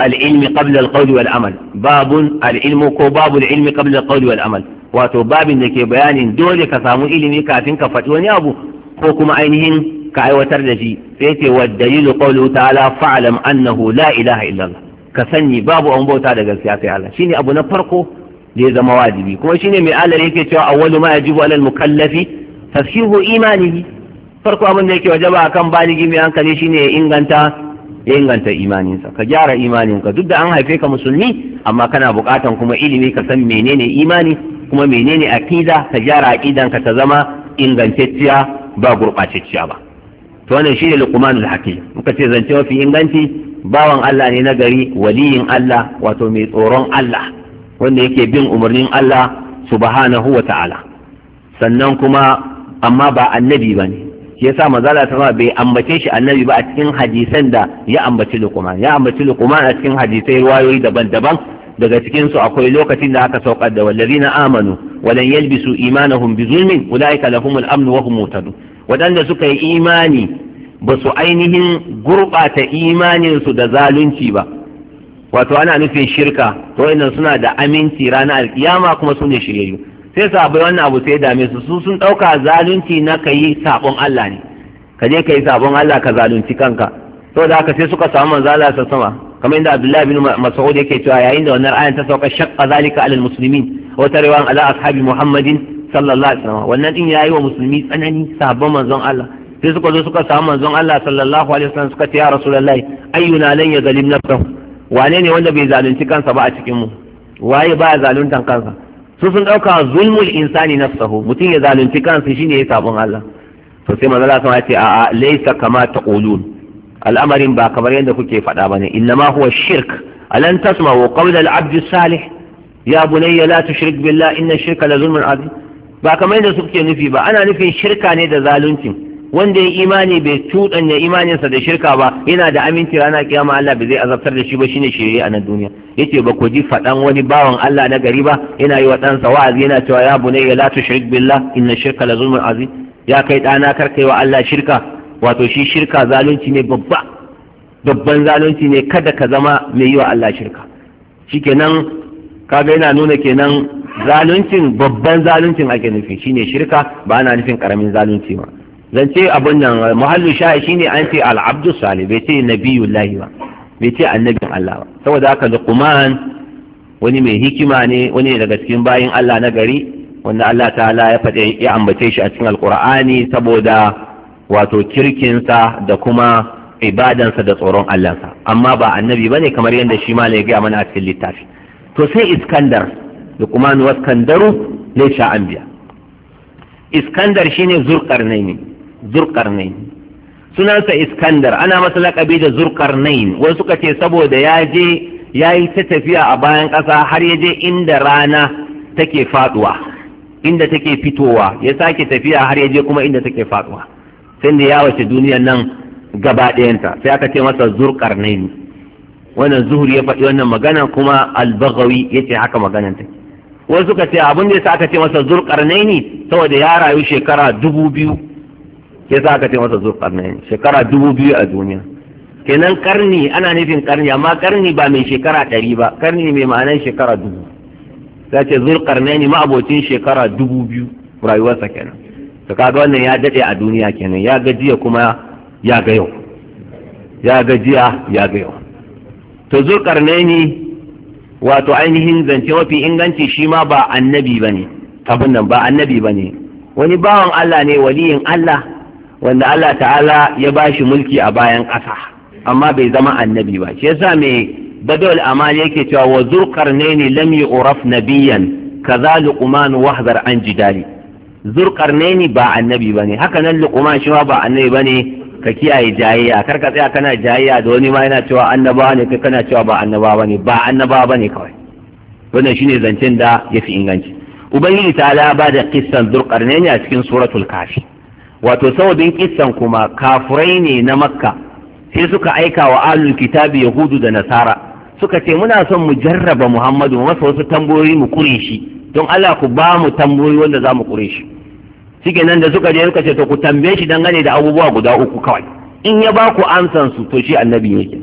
العلم قبل القول والعمل باب العلم كو باب العلم قبل القول والعمل wato babin da ke bayanin dole ka samu ilimi kafin ka faɗi wani abu ko kuma ainihin ka aiwatar da shi sai ce wa dalilu qawlu ta'ala fa'lam annahu la ilaha illallah ka sani babu an bauta da gaskiya sai Allah shine abu na farko da ya zama wajibi kuma shine mai Allah yake cewa awwalu ma yajibu alal mukallafi tashihu imanihi farko abin da yake wajaba akan baligi mai hankali shine ya inganta ya inganta imaninsa ka gyara imaninka duk da an haife ka musulmi amma kana bukatan kuma ilimi ka san menene imani kuma menene aqida ka gyara aqidanka ta zama ingantacciya ba gurɓacecciya ba to wannan shine luqmanul hakim muka ce zance mafi inganci bawan Allah ne na gari waliyin Allah wato mai tsoron Allah wanda yake bin umarnin Allah subhanahu wa ta'ala sannan kuma amma ba annabi ba ne shi yasa mazala ta bai ambace shi annabi ba a cikin hadisan da ya ambaci luqman ya ambaci luqman a cikin hadisai ruwayoyi daban-daban daga cikin su akwai lokacin da aka saukar da wallazina amanu walan yalbisu imanahum bi zulmin ulaika lahumul amnu wa hum muhtadun waɗanda suka yi imani ba su ainihin gurɓata imaninsu da zalunci ba wato ana nufin shirka to inda suna da aminci ranar alkiyama kuma su ne shiryayyu sai sabai wannan abu sai dame su su sun ɗauka zalunci na ka yi sabon Allah ne ka je ka yi sabon Allah ka zalunci kanka to da haka sai suka samu manzo Allah sa sama kamar inda Abdullahi bin Mas'ud yake cewa yayin da wannan ayan ta sauka shaqqa zalika alal muslimin wata riwayan ala ashabi Muhammadin sallallahu alaihi wasallam wannan din yayi wa musulmi tsanani sabon manzon Allah sai suka zo suka samu manzon Allah sallallahu alaihi wasallam suka ce ya rasulullahi ayyuna lan ya zalim nafsahu wane ne wanda bai zalunci kansa ba a cikin mu waye ba ya zaluntan kansa su sun dauka zulmul insani nafsahu mutum ya zalunci kansa shine ya sabon Allah to sai manzon Allah ya ce a a laysa kama taqulun al'amarin ba kamar yadda kuke faɗa ba ne. Inna ma huwa shirk alan tasma'u qawla al-abd salih ya bunayya la tushrik billah inna shirka la zulmun azim ba kamar yadda suke nufi ba ana nufin shirka ne da zaluncin wanda ya imani bai cuɗanya imaninsa da shirka ba yana da aminci rana kiyama Allah bai zai azabtar da shi ba shine shirye a nan duniya yace ba ku ji faɗan wani bawan Allah na gari ba yana yi wa ɗansa wa'azi yana cewa ya bunayya la tushrik billah inna shirka la zulmun azim ya kai ɗana kar kai wa Allah shirka wato shi shirka zalunci ne babba babban zalunci ne kada ka zama mai yi wa Allah shirka shikenan kaga yana nuna kenan zaluncin babban zaluncin ake nufi shine shirka ba ana nufin karamin zalunci ba zan ce abun nan muhallin sha'i shine an ce al'abdu salih bai ce nabiyullahi ba bai ce annabin Allah ba saboda haka luqman wani mai hikima ne wani daga cikin bayin Allah na gari wanda Allah ta'ala ya faɗe ya ambace shi a cikin alqur'ani saboda wato kirkinsa da kuma ibadansa da tsoron Allahnsa amma ba annabi ne kamar yadda shi ma ya gaya mana a cikin littafi to sai Iskandar luqman wa iskandaru laysa anbiya iskandar shine zulqarnaini zulqarnaini sunansa iskandar ana masa lakabi da zulqarnain wasu suka ce saboda ya je ya yi ta tafiya a bayan ƙasa har ya je inda rana take faduwa inda take fitowa ya sake tafiya har ya je kuma inda take faduwa sai da ya wace duniyar nan gaba ɗayanta sai aka ce masa zurƙar ne wannan zuhur ya faɗi wannan magana kuma albagawi ya ce haka maganan take wasu suka ce abin da yasa aka ce masa zulqarnaini saboda ya rayu shekara dubu biyu yasa aka ce masa zulqarnaini shekara dubu biyu a duniya kenan karni ana nufin karni amma karni ba mai shekara ɗari ba karni mai ma'anar shekara dubu ta ce zulqarnaini ma'abocin shekara dubu biyu rayuwarsa kenan to kaga wannan ya daɗe a duniya kenan ya gajiya kuma ya ga yau ya gajiya ya ga yau to zulqarnaini wato ainihin zance mafi inganci shi ma ba annabi ba ne abin nan ba annabi ba ne wani bawan Allah ne waliyin Allah wanda Allah ta'ala ya ba shi mulki a bayan ƙasa amma bai zama annabi ba shi yasa mai badal amal yake cewa wa zulqarnaini lam yu'raf nabiyan kaza luqman wahzar an jidali ne ba annabi ne. haka nan luqman shi ba annabi ne. ka kiyaye jayayya kar ka tsaya kana jayayya da wani ma yana cewa annabawa ne kai kana cewa ba annabawa ne ba annabawa bane kawai wannan shine zancen da yafi inganci ubangiji ta ba da kissan ne a cikin suratul kafi wato sababin kissan kuma kafurai ne na makka sai suka aika wa alul kitabi yahudu da nasara suka ce muna son mu jarraba muhammadu masa wasu tambayoyi mu kure shi don allah ku ba mu tambayoyi wanda za mu kure shi shike nan da suka je suka ce to ku tambaye shi dangane da abubuwa guda uku kawai in ya ba ku amsan su to shi annabi yake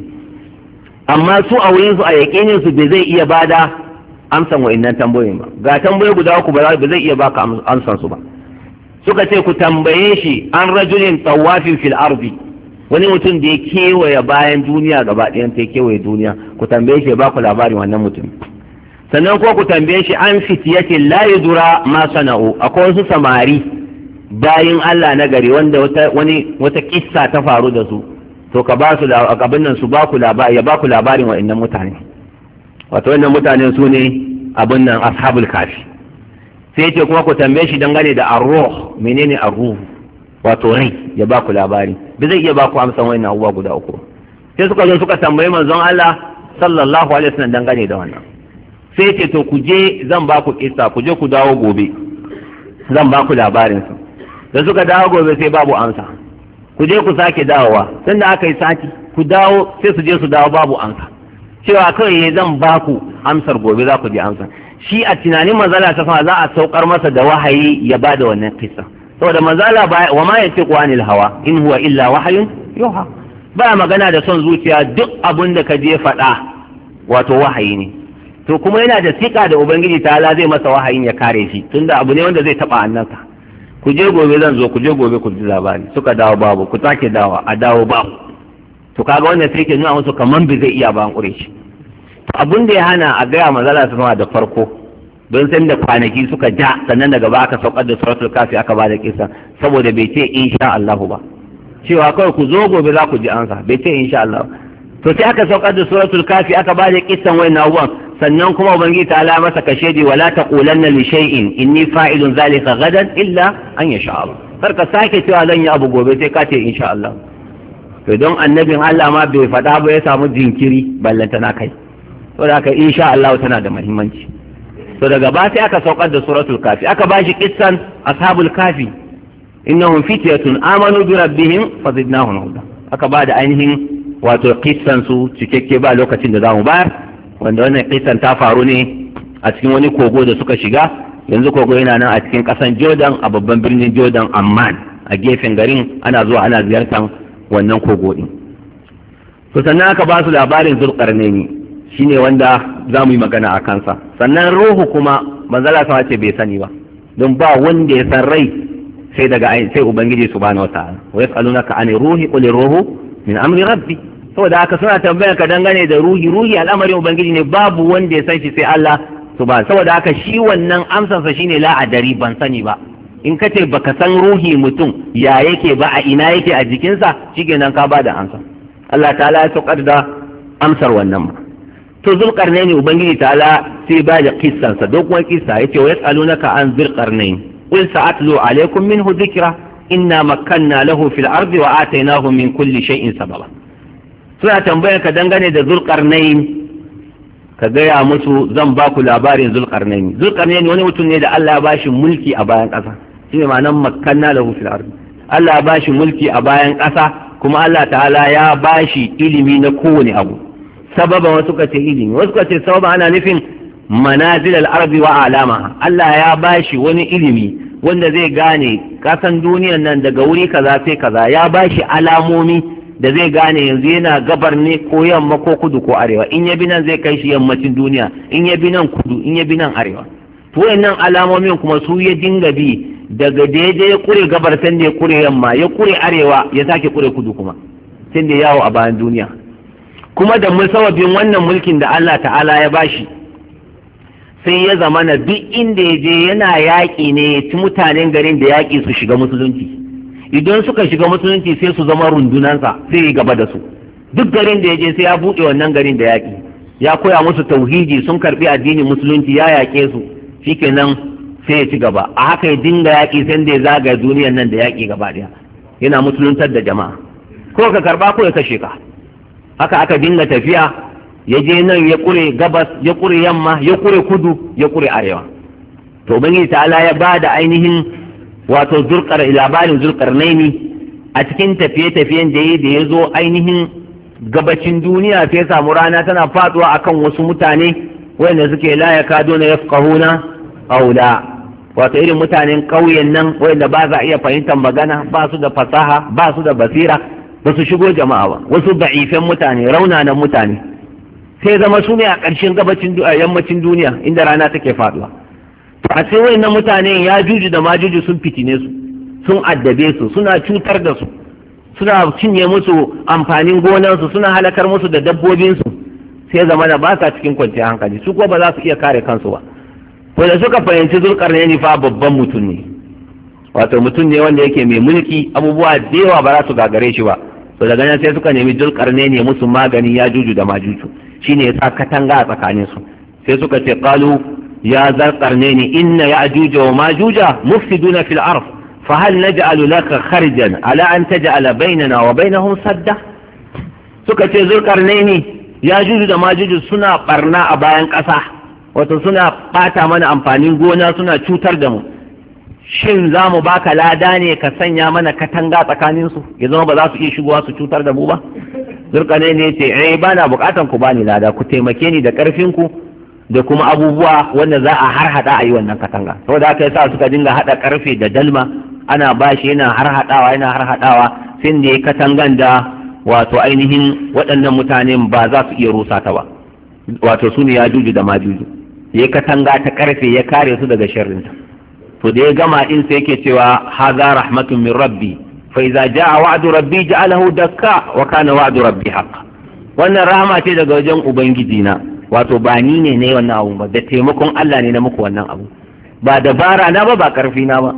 amma su a wurin su a yaƙinin su bai zai iya bada amsan wa'annan tambayoyin ba ga tambayoyi guda uku ba zai iya baka amsan su ba suka ce ku tambaye shi an rajulin tawafin fil ardi wani mutum da ya kewaye bayan duniya gaba ɗayan ta kewaye duniya ku tambaye shi ba ku labarin wannan mutum sannan ko ku tambaye shi an fitiyatin la yudura ma sana'u akwai wasu samari bayin Allah na gari wanda wata wani wata kissa ta faru da su to ka ba su abin nan su ba ku labari ya ba ku labarin wa'annan mutane wato wannan mutane su ne abin nan ashabul kafi sai ce kuma ku tambaye shi dangane da arruh menene arruh wato rai ya ba ku labari bi zai iya ba ku amsan wa'annan abubuwa guda uku sai suka zo suka tambayi manzon Allah sallallahu alaihi wasallam dangane da wannan sai ce to ku je zan ba ku kissa ku je ku dawo gobe zan ba ku labarin su da suka dawo gobe sai babu amsa ku je ku sake dawowa tun da aka yi sati ku dawo sai su je su dawo babu amsa cewa kawai eh, zan baku amsar gobe za ku ji amsa shi a tunanin manzala ta sama za a saukar masa da wahayi ya ba da wannan kisa saboda manzala ba wa ma yace qanil hawa in huwa illa wahayun yuha ba magana da son zuciya duk abun da ka je faɗa wato wahayi ne to kuma yana da sika da ubangiji ta zai masa wahayin ya kare shi tunda abu ne wanda zai taba annanka ku je gobe zan zo ku je gobe ku ji labari suka dawo babu ku take dawa a dawo babu to kaga wannan sai ke nuna musu kaman bai zai iya ba an kure shi abin da ya hana a gaya mazala su da farko don san da kwanaki suka ja sannan daga ba aka saukar da suratul kafi aka ba da kisa saboda bai ce insha Allah ba cewa kawai ku zo gobe za ku ji ansa bai ce insha Allah to sai aka saukar da suratul kafi aka ba da kisan wayan abubuwan sannan kuma ubangiji ta ala masa kashe ji wala taqulanna li shay'in inni fa'ilun zalika gadan illa an yasha Allah kar ka sake cewa zan yi abu gobe sai ka ce insha Allah to don annabin Allah ma bai faɗa ba ya samu jinkiri ballanta na kai saboda haka insha Allah tana da muhimmanci to daga ba sai aka saukar da suratul kafi aka bashi kissan ashabul kafi innahum fityatun amanu bi rabbihim fazidnahum huda aka ba da ainihin wato kissan su cikakke ba lokacin da zamu bayar wanda wannan kisan ta faru ne a cikin wani kogo da suka shiga yanzu kogo yana nan a cikin kasan jordan a babban birnin jordan amman a gefen garin ana zuwa ana ziyartar wannan kogo din to sannan aka ba su labarin zulkarnaini shine wanda za mu yi magana a kansa sannan ruhu kuma manzala sama ce bai sani ba don ba wanda ya san rai sai daga sai ubangiji subhanahu ta'ala wa yasalunaka an ruhi qul ruhu min amri rabbi saboda haka suna tambayar ka dangane da ruhi ruhi al'amarin ubangiji ne babu wanda ya san shi sai Allah subhanahu saboda haka shi wannan amsansa shine la adari ban sani ba in ka ce baka san ruhi mutum ya yake ba a ina yake a jikinsa shikenan ka bada amsa Allah ta'ala ya saukar da amsar wannan ba to zulqarnain ubangiji ta'ala sai ba da kissan sa dogon kissa yace wa yasalunaka an zulqarnain qul sa'atlu alaikum min dhikra inna makkanna lahu fil ardi wa atainahu min kulli shay'in ba. suna tambayar ka dangane da zulƙarnain ka gaya musu zan ba ku labarin zulƙarnain zulƙarnain wani mutum ne da Allah ya bashi mulki a bayan ƙasa shi ne ma'anar makanna da fil ardi Allah ya bashi mulki a bayan ƙasa kuma Allah ta'ala ya bashi ilimi na kowane abu sababan wasu ka ce ilimi wasu ka ce sababan ana nufin manazil al-ardi wa alama Allah ya bashi wani ilimi wanda zai gane kasan duniyan nan daga wuri kaza sai kaza ya bashi alamomi da zai gane yanzu yana gabar ne ko yamma ko kudu ko arewa in ya bi nan zai kai shi yammacin duniya in ya bi nan kudu in ya bi nan arewa to wayannan alamomin kuma su ya dinga bi daga daidai ya kure gabar san ya kure yamma ya kure arewa ya sake kure kudu kuma sai da yawo a bayan duniya kuma da musawabin wannan mulkin da Allah ta'ala ya bashi sai ya zamana duk inda ya je yana yaƙi ne ya ci mutanen garin da yaƙi su shiga musulunci idan suka shiga musulunci sai su zama rundunansa sai yi gaba da su duk garin da ya je sai ya buɗe wannan garin da yaƙi ya koya musu tauhidi sun karɓi addinin musulunci ya yaƙe su shikenan sai ya ci gaba a haka ya dinga yaƙi sai da ya zagaya duniyar nan da yaƙi gaba ɗaya yana musuluntar da jama'a ko ka karɓa ko ya kashe ka haka aka dinga tafiya ya je nan ya ƙure gabas ya ƙure yamma ya ƙure kudu ya ƙure arewa to ubangiji ta'ala ya ba da ainihin wato zurkar labarin zurkar naini a cikin tafiye-tafiyen da ya da ya zo ainihin gabacin duniya sai samu rana tana faduwa akan wasu mutane wanda suke la ya kado na a huda. wato irin mutanen ƙauyen nan wanda ba za a iya fahimtar magana ba su da fasaha ba su da basira ba su shigo jama'a ba wasu ba'ifen mutane raunanan mutane sai zama su ne a ƙarshen gabacin yammacin duniya inda rana take faduwa a sai wayannan mutane ya juju da majuju sun fitine su sun addabe su suna cutar da su suna cinye musu amfanin su, suna halakar musu da dabbobin su, sai zama da ba sa cikin kwanciyar hankali su ko ba za su iya kare kansu ba ko da suka fahimci zulkarnaini fa babban mutum ne wato mutum ne wanda yake mai mulki abubuwa da yawa ba za su gagare shi ba to daga nan sai suka nemi zulkarnaini musu magani ya juju da majuju shine ya sa katanga a tsakanin su sai suka ce qalu ya ne ni inna ya ajuja wa majuja mufsiduna fil arf fa hal naj'alu laka kharjan ala an taj'ala bainana wa bainahum sadda suka ce ne ni ya juju da majuju suna barna a bayan ƙasa wato suna bata mana amfanin gona suna cutar da mu shin za mu baka lada ne ka sanya mana katanga tsakanin su ya zama ba za su iya shigowa su cutar da mu ba zurkane ne ce eh bana bukatan ku bani lada ku taimake ni da karfin ku da kuma abubuwa wanda za a har hada a yi wannan katanga aka yi yasa suka dinga hada karfe da dalma ana shi yana har hadawa yana har hadawa sin da katangan da wato ainihin waɗannan mutanen ba za su iya rusa ta ba wato su ne ya juju da ma juju ya katanga ta karfe ya kare su daga sharrinta to da ya gama in sai yake cewa haza rahmatun min rabbi fa iza jaa wa'du rabbi ja'alahu dakka wa kana wa'du rabbi haqq wannan rahama ce daga wajen ubangiji na wato ba ni ne ne wannan abu ba da taimakon Allah ne na muku wannan abu ba dabara na ba ba karfi na ba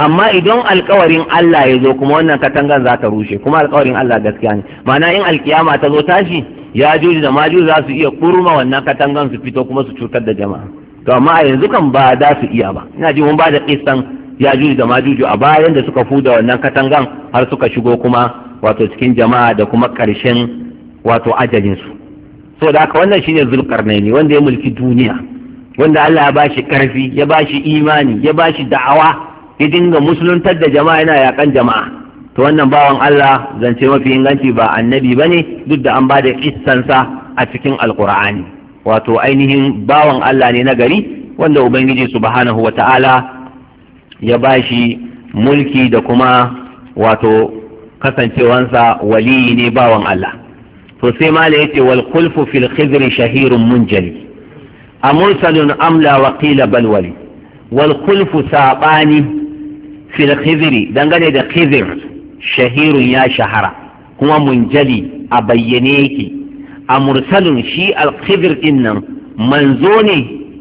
amma idan alkawarin Allah ya zo kuma wannan katangan za ta rushe kuma alkawarin Allah gaskiya ne ma'ana in alkiyama ta zo tashi ya juji da maju za su iya kurma wannan katangan su fito kuma su cutar da jama'a to amma yanzu kan ba za su iya ba ina ji mun ba da kissan ya juji da majuju a bayan da suka fuda wannan katangan har suka shigo kuma wato cikin jama'a da kuma karshen wato ajalin su to da haka wannan shine zulkarnaini wanda ya mulki duniya wanda Allah ya bashi karfi ya bashi imani ya bashi da'awa ya dinga musuluntar da jama'a yana yakan jama'a to wannan bawan Allah zance mafi inganci ba annabi bane duk da an bada kissansa a cikin alqur'ani wato ainihin bawan Allah ne na gari wanda ubangiji subhanahu wata'ala ya bashi mulki da kuma wato kasancewansa waliyi ne bawan Allah to sai mala yace wal khulfu fil khidri shahirun munjali amursalun amla wa qila bal wali wal sabani fil khidri dangane da khidr shahirun ya shahara kuma munjali a bayyane yake amursalun shi al khidr manzo ne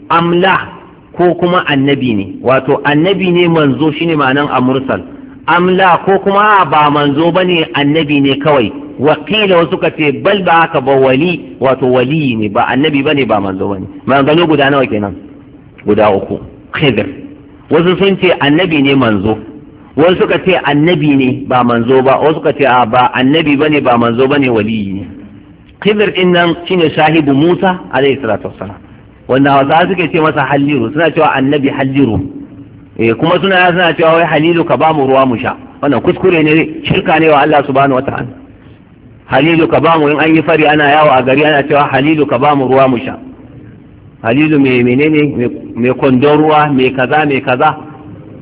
amla ko kuma annabi ne wato annabi ne manzo shine ma'anan amursal amla ko kuma ba manzo bane annabi ne kawai wakila wasu ka ce bal ba haka ba wali wato wali ne ba annabi ba ne ba manzo ba ne manzano guda nawa kenan guda uku khidr wasu sun ce annabi ne manzo wasu suka ce annabi ne ba manzo ba wasu suka ce ba annabi ba ne ba manzo ba ne waliyi ne khidr din nan shine shahibu musa alayhi salatu wassalam wanda hausa suke ce masa halliru suna cewa annabi halliru eh kuma suna suna cewa wai halilu ka ba mu ruwa mu sha wannan kuskure ne shirka ne wa Allah subhanahu wataala halilu ka bamu in an yi fari ana yawo a gari ana cewa halilu ka bamu ruwa mu sha halilu mai menene mai kwandon ruwa mai kaza mai kaza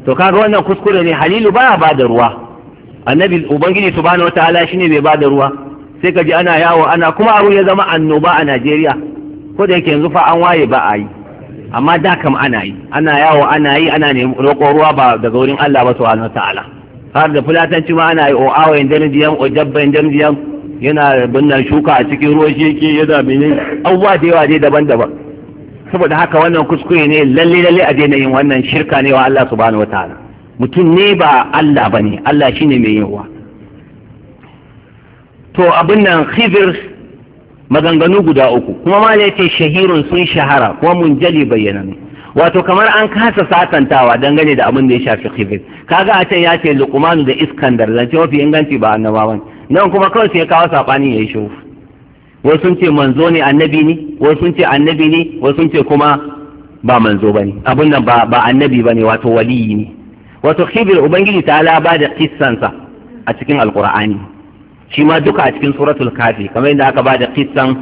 to kaga wannan kuskure ne halilu baya bada ruwa annabi ubangiji subhanahu wataala shine bai bada ruwa sai ka ji ana yawo ana kuma abu ya zama annoba a Najeriya ko da yake yanzu fa an waye ba a yi amma da kam ana yi ana yawo ana yi ana ne roƙo ruwa ba daga wurin Allah ba subhanahu wataala har da fulatanci ma ana yi o awayen darjiyan o jabban darjiyan yana binna shuka a cikin ruwa shi yake yana mene abubuwa da yawa dai daban-daban saboda haka wannan kuskure ne lalle lalle a daina yin wannan shirka ne wa Allah subhanahu wataala mutum ne ba Allah bane Allah shine mai yawa to abin nan khidr maganganu guda uku kuma ma yace shahirun sun shahara kuma mun jali bayyana ne wato kamar an kasa satantawa dangane da abin da ya shafi khidr kaga a can ya ce luqmanu da iskandar zance mafi inganci ba annabawan nan kuma kawai sai kawo saɓani ya yi shiru wasu sun ce manzo ne annabi ne wasu sun ce annabi ne wasu sun ce kuma ba manzo ba ne abin nan ba annabi ba ne wato waliyi ne wato khibir ubangiji ta ala ba da kissansa a cikin alkur'ani shi ma duka a cikin suratul kafi kamar yadda aka ba da kissan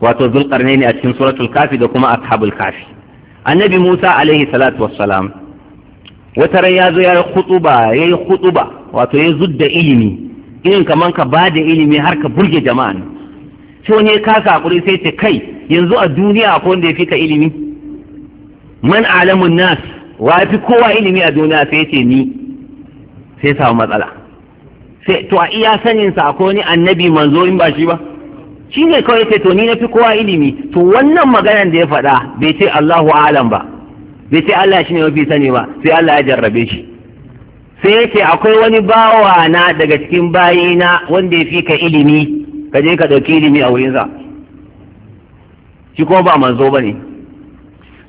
wato zulkarne ne a cikin suratul kafi da kuma ashabul kafi annabi musa alaihi salatu wassalam wata ran ya zo ya yi khutuba ya yi khutuba wato ya zudda ilimi yin kaman ka ba da ilimi har ka burge jama'a ne sai wani ya kasa hakuri sai ce kai yanzu a duniya akwai wanda ya fi ka ilimi man alamun nas wa fi kowa ilimi a duniya sai ce ni sai samu matsala sai to a iya sanin sa akwai wani annabi manzo in ba shi ba shi ne kawai sai to ni na fi kowa ilimi to wannan maganan da ya faɗa bai ce Allahu alam ba bai ce Allah shi ne mafi sani ba sai Allah ya jarrabe shi sai yake akwai wani bawa na daga cikin bayina wanda ya fi ilimi ka je ka ɗauki ilimi a wurinsa shi kuma ba manzo ba ne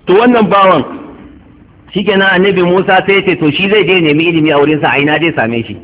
to wannan bawan shi kenan annabi musa sai ya ce to shi zai je nemi ilimi a wurinsa a ina zai same shi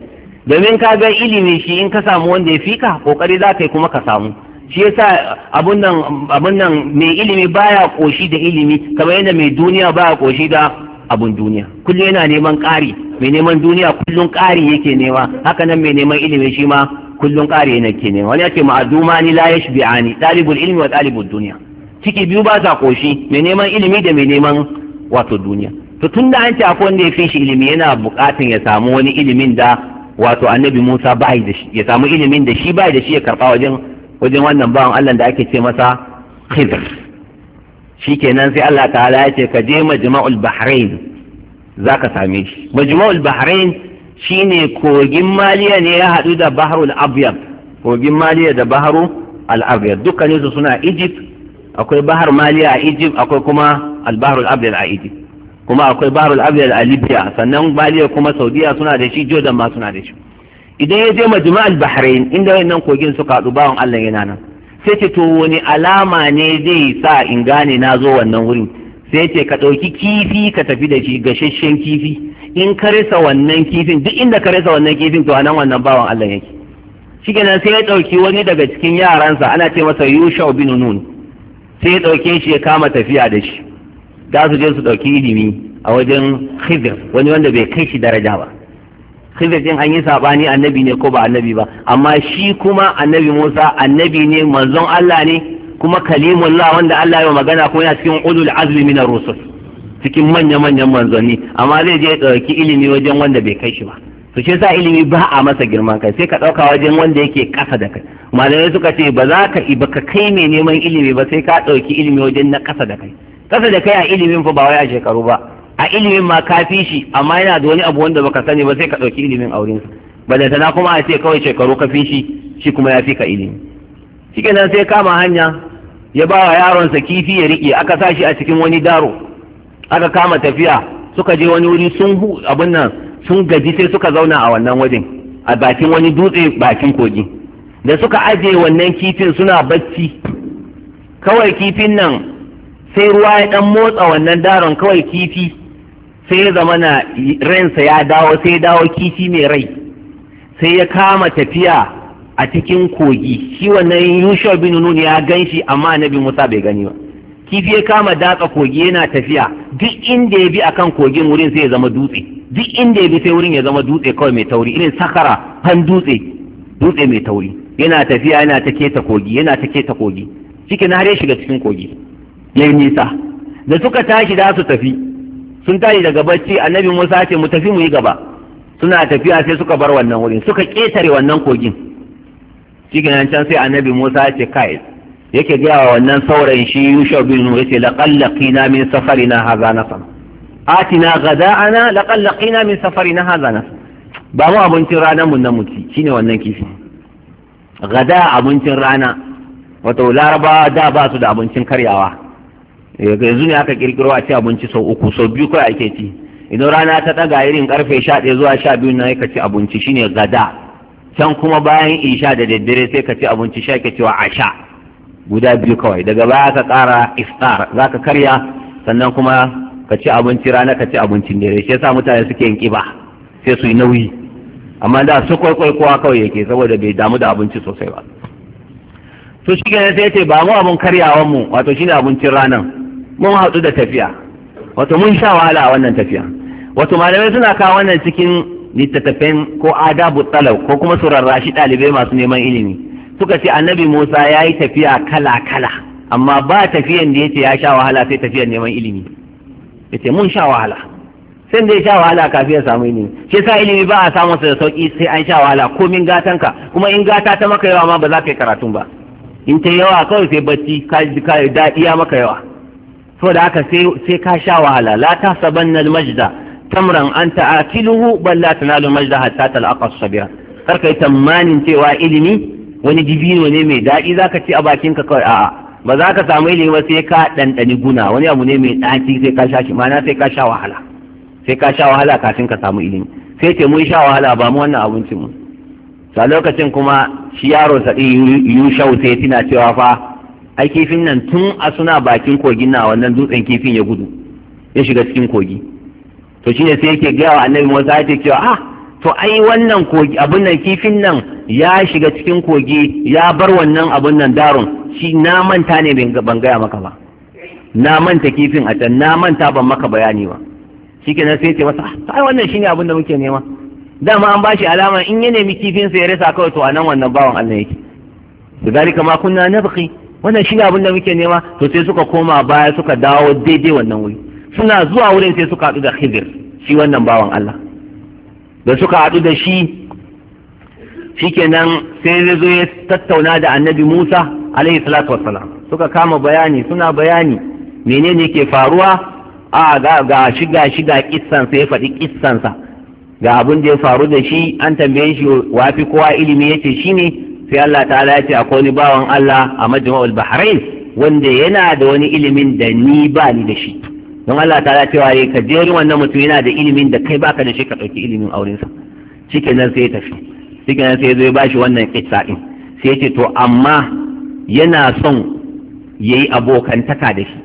domin ka ga ilimi shi in ka samu wanda ya fi ka kokari za ka yi kuma ka samu shi yasa abun nan abun nan mai ilimi baya koshi da ilimi kamar yadda mai duniya baya koshi da abun duniya kullum yana neman ƙari mai neman duniya kullum ƙari yake nema haka nan mai neman ilimi shi ma kullum ƙari yana ke nema wani yake ma'aduma ni la yashbi'ani talibul ilmi wa talibul duniya ciki biyu ba sa koshi mai neman ilimi da mai neman wato duniya to tun da an ce akwai wanda ya fi shi ilimi yana buƙatan ya samu wani ilimin da wato annabi Musa ba da shi ya samu ilimin da shi ba da shi ya karɓa wajen wajen wannan bawan Allah da ake ce masa Khidr shikenan sai Allah ta'ala ya ce ka je majma'ul bahrain zaka same shi majma'ul bahrain shine kogin maliya ne ya haɗu da baharul abyad kogin maliya da bahar al abyad dukkanin su suna egypt akwai bahar maliya a egypt akwai kuma al baharul abyad a egypt kuma akwai baharul abyad a libya sannan maliya kuma saudiya suna da shi jordan ma suna da shi idan ya je majma'ul bahrain inda nan kogin suka haɗu bawan Allah yana nan sai ce to wani alama ne zai sa in gane na zo wannan wurin sai ce ka ɗauki kifi ka tafi da shi gasasshen kifi in ka rasa wannan kifin duk inda ka rasa wannan kifin to anan wannan bawan Allah yake shikenan sai ya ɗauki wani daga cikin yaransa ana ce masa Yusha bin Nun sai ya ɗauke shi ya kama tafiya da shi za su je su ɗauki ilimi a wajen Khidir wani wanda bai kai shi daraja ba sun da an yi saɓani annabi ne ko ba annabi ba amma shi kuma annabi Musa annabi ne manzon Allah ne kuma kalimullah wanda Allah ya magana kuma yana cikin ulul azmi min rusul cikin manya manyan manzanni amma zai je dauki ilimi wajen wanda bai kai shi ba to shi yasa ilimi ba a masa girman kai sai ka ɗauka wajen wanda yake kasa da kai malamai suka ce ba za ka ba ka kai mai neman ilimi ba sai ka ɗauki ilimi wajen na kasa da kai kasa da kai a ilimin fa ba wai a shekaru ba a ilimin ma ka fi shi amma yana da wani abu wanda baka sani ba sai ka ɗauki ilimin auren sa tana kuma a ce kawai shekaru ka fi shi shi kuma ya fi ka ilimi nan sai kama hanya ya ba wa yaronsa kifi ya riƙe aka sa shi a cikin wani daro aka kama tafiya suka je wani wuri sun hu abin nan sun gaji sai suka zauna a wannan wajen a bakin wani dutse bakin kogi da suka ajiye wannan kifin suna bacci kawai kifin nan sai ruwa ya dan motsa wannan daron kawai kifi sai ya zama na ransa ya dawo sai ya dawo kifi mai rai sai ya kama tafiya a cikin kogi shi wannan yushar bin nun ya gan shi amma annabi musa bai gani ba kifi ya kama daka kogi yana tafiya duk inda ya bi akan kogin wurin sai ya zama dutse duk inda ya bi sai wurin ya zama dutse kawai mai tauri irin sakara han dutse dutse mai tauri yana tafiya yana ta keta kogi yana ta keta kogi cikin har ya shiga cikin kogi ya nisa da suka tashi za su tafi sun tashi daga bacci annabi Musa ce mu tafi mu yi gaba suna tafiya sai suka bar wannan wurin suka ƙetare wannan kogin nan can sai annabi Musa ce kai yake gaya wa wannan saurayin shi Yusha bin Nun yace laqad laqina min safarina hadha nasam atina ghada'ana laqad laqina min safarina hadha nasam ba mu abincin rana mu na muti shine wannan kifi gada abincin rana wato laraba da ba su da abincin karyawa yanzu ne aka kirkiro a ci abinci sau uku sau biyu kawai ake ci idan rana ta ɗaga irin karfe sha ɗaya zuwa sha biyu na ka ci abinci shine gada can kuma bayan isha da daddare sai ka ci abinci sha ke cewa asha guda biyu kawai daga baya ka ƙara iftar za ka karya sannan kuma ka ci abinci rana ka ci abincin dare shi yasa mutane suke yin ƙiba sai su yi nauyi amma da su kwaikwai kowa kawai yake saboda bai damu da abinci sosai ba to shi sai ce ba mu abin karyawan mu wato shine abincin ranan mun haɗu da tafiya wato mun sha wahala a wannan tafiya wato malamai suna kawo wannan cikin littattafan ko adabu talau ko kuma su rarrashi ɗalibai masu neman ilimi suka ce annabi musa ya yi tafiya kala kala amma ba tafiyan da yace ya sha wahala sai tafiyan neman ilimi yace mun sha wahala sai da ya sha wahala kafin ya samu ilimi shi yasa ilimi ba a samun sa da sauki sai an sha wahala komin gatanka kuma in gata ta maka yawa ma ba za ka yi karatun ba in ta yawa kawai sai bacci ka daɗi iya maka yawa to da aka sai ka sha wahala la ta sabanna majda tamran anta akiluhu bal la tanalu majda hatta talaqa sabira kar kai tamanin cewa ilimi wani dibino ne mai daɗi zaka ci a bakin ka kawai a'a ba za ka samu ilimi ba sai ka ɗanɗani guna wani abu ne mai ɗaci sai ka sha shi ma'ana sai ka sha wahala sai ka sha wahala kafin ka samu ilimi sai ce mun sha wahala ba mu wannan abincin mu a lokacin kuma shi yaro sa shau sai tina cewa fa ai kifin nan tun a suna bakin kogin na wannan dutsen kifin ya gudu ya shiga cikin kogi to shine sai yake gaya wa annabi Musa ya ce cewa ah to ai wannan kogi abin nan kifin nan ya shiga cikin kogi ya bar wannan abin nan Darun shi na manta ne ban gaya maka ba na manta kifin a can na manta ban maka bayani ba shikenan sai ya ce masa ah, ai wannan shine abin da muke nema dama an bashi alama in ya nemi kifin sa ya rasa kawai to anan wannan bawan Allah yake da zalika ma kunna nabqi wannan shi abin da muke nema to sai suka koma baya suka dawo daidai wannan wuri suna zuwa wurin sai suka haɗu da khidir shi wannan bawan Allah da suka haɗu da shi shikenan sai ya zo ya tattauna da annabi Musa alaihi salatu wassalam suka kama bayani suna bayani menene ke faruwa a ga ga shiga shiga kissan sai ya faɗi kissan ga abin da ya faru da shi an tambaye shi wafi kowa ilimi yace shine sai Allah ta'ala ya ce akwai wani bawan Allah a majma'ul bahrain wanda yana da wani ilimin da ni ba ni da shi don Allah ta'ala cewa yayi ka jeri wannan mutum yana da ilimin da kai baka da shi ka ɗauki ilimin auren sa nan sai ya tafi nan sai ya zo ya bashi wannan kissa din sai ya ce to amma yana son yayi abokantaka da shi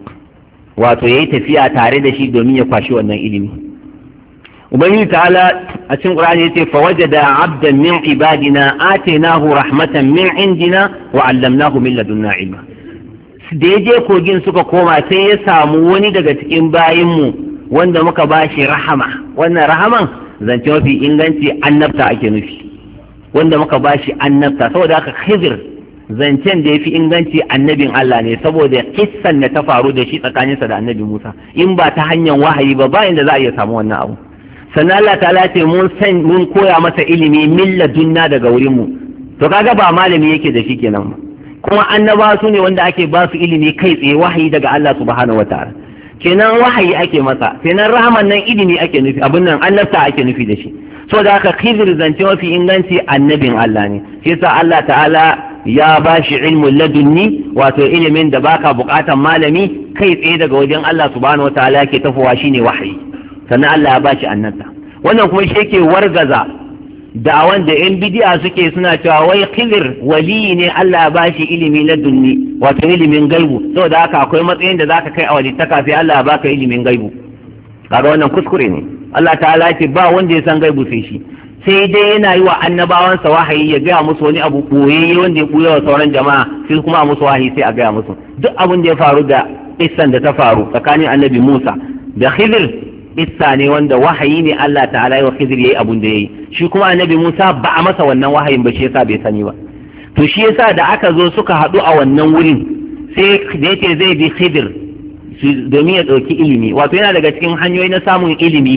wato yayi tafiya tare da shi domin ya kwashi wannan ilimi ubangiji ta'ala a cikin qur'ani yace fa wajada 'abdan min ibadina atainahu rahmatan min indina wa 'allamnahu min ladunna ilma da je kogin suka koma sai ya samu wani daga cikin bayinmu wanda muka bashi rahama wannan rahaman zance mafi inganci annabta ake nufi wanda muka bashi annabta saboda haka khizir zancen da ya fi inganci annabin Allah ne saboda kisan da ta faru da shi tsakaninsa da annabi Musa in ba ta hanyar wahayi ba bayan da za a iya samu wannan abu sannan Allah ta'ala ce mun san mun koya masa ilimi milla dunna daga wurin mu to kaga ba malami yake da shi kenan kuma annaba su ne wanda ake ba su ilimi kai tsaye wahayi daga Allah subhanahu wataala kenan wahayi ake masa kenan rahaman nan ilimi ake nufi abin nan annabta ake nufi da shi so da haka khidir zance mafi inganci annabin Allah ne shi yasa Allah ta'ala ya ba shi ilmin ladunni wato ilimin da baka bukatan malami kai tsaye daga wajen Allah subhanahu wataala yake tafowa shine wahayi sannan Allah ya ba shi annabta wannan kuma shi yake wargaza da'awan da yan bidiya suke suna cewa wai khidir wali ne Allah ba shi ilimi na dunni wato ilimin gaibu saboda haka akwai matsayin da zaka kai a walittaka sai Allah ya baka ilimin gaibu kaga wannan kuskure ne Allah ta'ala ce ba wanda ya san gaibu sai shi sai dai yana yi wa annabawansa wahayi ya gaya musu wani abu koyayye wanda ya koya wa sauran jama'a sai kuma a musu wahayi sai a gaya musu duk abin da ya faru da isan da ta faru tsakanin annabi Musa da Khidir Isa ne wanda wahayi ne Allah ta'ala ya khidir yayi abun da yayi shi kuma annabi Musa ba a masa wannan wahayin ba shi yasa bai sani ba to shi yasa da aka zo suka haɗu a wannan wurin sai da yake zai bi khidir domin ya ɗauki ilimi wato yana daga cikin hanyoyi na samun ilimi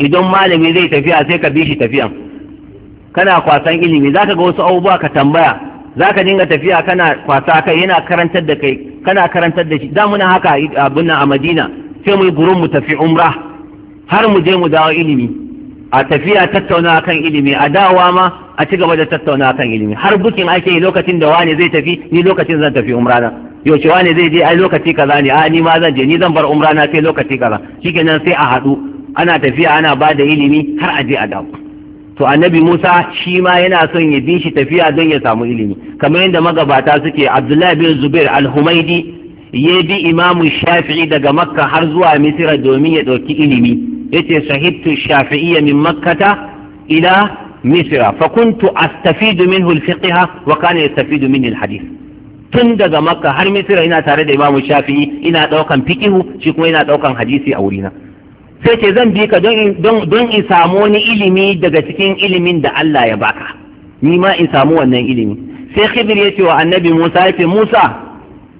idan malami zai tafiya sai ka bi shi tafiyan kana kwasan ilimi zaka ga wasu abubuwa ka tambaya zaka dinga tafiya kana kwasa kai yana karantar da kai kana karantar da shi da muna haka abun nan a Madina sai mu yi gurin mu tafi umrah har mu je mu dawo ilimi a tafiya tattauna kan ilimi a dawa ma a ci gaba da tattauna kan ilimi har bukin ake yi lokacin da wani zai tafi ni lokacin zan tafi umrana yau ce wani zai je ai lokaci kaza ne a ni ma zan je ni zan bar umrana sai lokaci kaza shikenan sai a haɗu ana tafiya ana ba da ilimi har a je a dawo to annabi Musa shi ma yana son ya bi shi tafiya don ya samu ilimi kamar yadda magabata suke Abdullahi bin Zubair al-Humaidi ya bi Imam Shafi'i daga Makka har zuwa Misira domin ya ɗauki ilimi yace sahibtu shafi'iyya min makkata ila misra fa kuntu astafidu minhu al-fiqha wa kana yastafidu minni tun daga makka har misra ina tare da imamu shafi'i ina daukan fiqihu shi kuma ina daukan hadisi a wurina sai ce zan bi ka don in samu wani ilimi daga cikin ilimin da Allah ya baka ni ma in samu wannan ilimi sai khidir ya ce wa annabi Musa ya ce Musa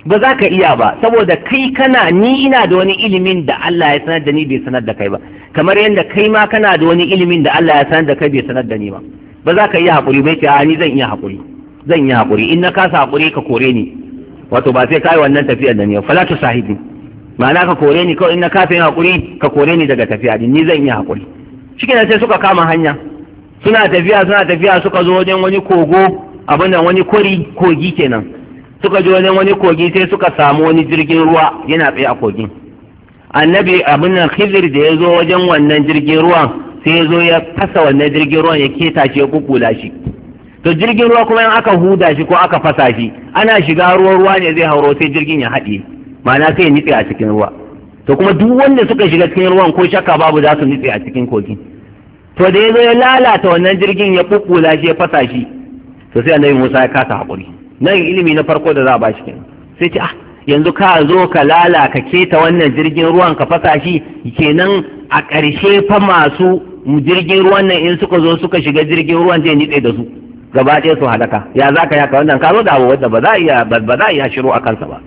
ba za ka iya ba saboda kai kana ni ina da wani ilimin da Allah ya sanar da ni bai sanar da kai ba kamar yadda kai ma kana da wani ilimin da Allah ya sanar da kai bai sanar da ni ba ba za ka iya hakuri bai ce ni zan iya hakuri zan iya hakuri in na kasa hakuri ka kore ni wato ba sai kai wannan tafiyar da ni fa la tu sahibi ma'ana ka kore ni kawai in na kasa yin hakuri ka kore ni daga tafiya ni zan iya hakuri shikenan sai suka kama hanya suna tafiya suna tafiya suka zo wajen wani kogo abin nan wani kori kogi kenan suka je wajen wani kogi sai suka samu wani jirgin ruwa yana tsaye a kogin annabi abin nan khidir da ya zo wajen wannan jirgin ruwan sai ya zo ya fasa wannan jirgin ruwan ya keta shi ya kukula shi to jirgin ruwa kuma in aka huda shi ko aka fasa shi ana shiga ruwa ruwa ne zai hauro sai jirgin ya haɗe ma'ana sai ya nitse a cikin ruwa to kuma duk wanda suka shiga cikin ruwan ko shakka babu za su nitse a cikin kogin to da ya zo ya lalata wannan jirgin ya kukula shi ya fasa shi to sai annabi Musa ya kasa haƙuri nan ilimi na farko da za a bashi kenan sai ce ah yanzu ka zo ka lala ka keta wannan jirgin ruwan ka fasa shi kenan a ƙarshe fa masu jirgin ruwan nan in suka zo suka shiga jirgin ruwan zai nitse da su gaba ɗaya su halaka ya za ka yaka wannan ka zo da abu wadda ba za a iya ba za a iya shiro a kansa ba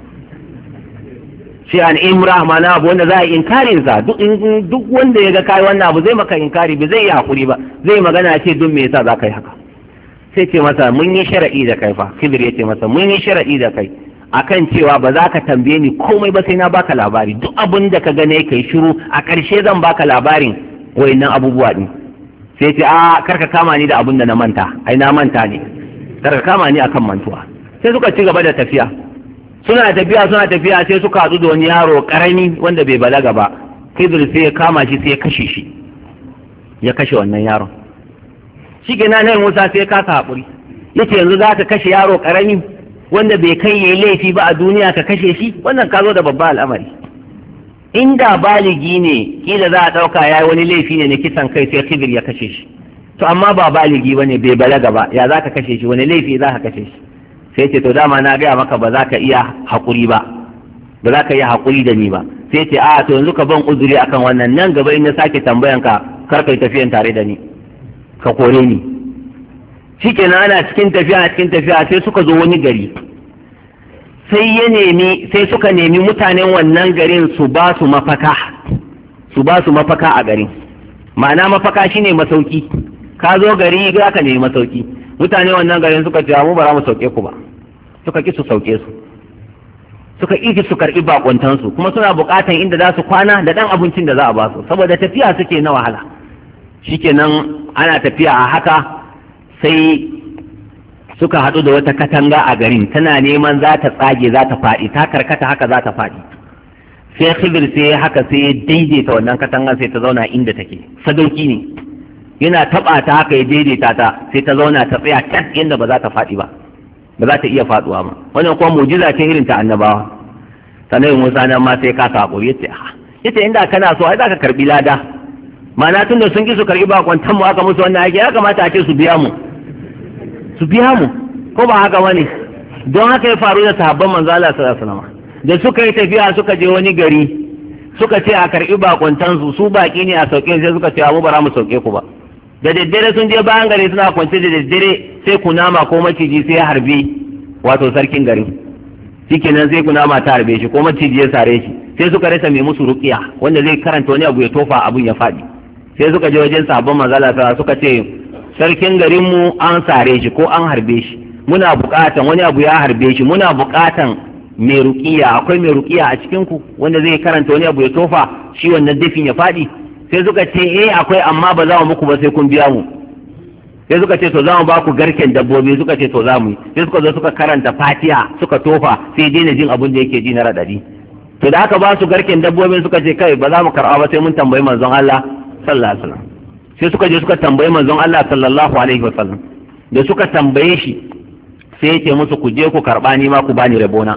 shi an imra ma na abu wanda za a inkari sa duk wanda ya ga kai wannan abu zai maka inkari ba zai yi hakuri ba zai magana ce don me yasa za ka yi haka sai ce masa mun yi shara'i da kai fa Kibir ya ce masa mun yi shara'i da kai akan cewa ba za ka tambaye ni komai ba sai na baka labari duk abin da ka gane kai shiru a ƙarshe zan baka labarin wayannan abubuwa din sai ce a karka kama ni da abin da na manta ai na manta ne karka kama ni akan mantuwa sai suka ci gaba da tafiya suna tafiya suna tafiya sai suka hadu da wani yaro karami wanda bai balaga ba Kibir sai ya kama shi sai ya kashe shi ya kashe wannan yaron shi ke nan musa sai kasa haƙuri yace yanzu za ka kashe yaro ƙarami wanda bai kai yayi laifi ba a duniya ka kashe shi wannan ka zo da babba al'amari inda baligi ne kila za a ɗauka ya wani laifi ne na kisan kai sai kibir ya kashe shi to amma ba baligi bane bai balaga ba ya za ka kashe shi wani laifi za ka kashe shi sai ce to dama na gaya maka ba za ka iya haƙuri ba ba za ka iya haƙuri da ni ba sai ce a to yanzu ka ban uzuri akan wannan nan gaba in na sake tambayan ka yi tafiyan tare da ni ka kore ni shikenan ana cikin tafiya cikin tafiya sai suka zo wani gari sai ya nemi sai suka nemi mutanen wannan garin su ba su mafaka su ba su mafaka a garin ma'ana mafaka shine masauki ka zo gari za ka nemi masauki mutane wannan garin suka ce mu ba za mu sauke ku ba suka ki su sauke su suka iki su karɓi bakuntansu kuma suna buƙatan inda za su kwana da ɗan abincin da za a ba su saboda tafiya suke na wahala shikenan ana tafiya a haka sai suka haɗu da wata katanga a garin tana neman za ta tsage za ta faɗi ta karkata haka za ta faɗi sai khidir sai haka sai ya daidaita wannan katangar sai ta zauna inda take sadauki ne yana taɓa ta haka ya daidaita ta sai ta zauna ta tsaya tas inda ba za ta faɗi ba ba za ta iya faɗuwa ba wannan kuma mujiza ce irin ta annabawa sanayin musa nan ma sai ka saƙo ah. ya ce inda kana so ai za ka karɓi lada ma'ana tun da sun ki su karɓi bakon tamu aka musu wannan aiki ya kamata a ce su biya mu su biya mu ko ba haka wani don haka ya faru da sahabban manzo Allah sallallahu alaihi wasallam da suka yi tafiya suka je wani gari suka ce a karɓi bakon su su baki ne a sauke sai suka ce mu bara mu sauke ku ba da daddare sun je bayan gari suna kwance da daddare sai kunama ko maciji sai ya harbi wato sarkin gari shikenan sai kunama ta harbe shi ko maciji ya sare shi sai suka rasa mai musu ruqiya wanda zai karanta wani abu ya tofa abun ya faɗi sai suka je wajen sabon manzala sa suka ce sarkin garinmu an sare shi ko an harbe shi muna buƙatan wani abu ya harbe shi muna buƙatan mai ruƙiya akwai mai ruƙiya a cikin ku wanda zai karanta wani abu ya tofa shi wannan dafin ya faɗi sai suka ce eh akwai amma ba za mu muku ba sai kun biya mu sai suka ce to za mu ba ku garken dabbobi suka ce to za mu yi sai suka zo suka karanta fatiha suka tofa sai daina jin abin da yake ji na raɗaɗi to da aka ba su garken dabbobin suka ce kai ba za mu karɓa ba sai mun tambayi manzon Allah sallallahu alaihi wasallam sai suka je suka tambayi manzon Allah sallallahu alaihi wasallam da suka tambaye shi sai yake ce musu ku je ku karba ni ma ku bani rabona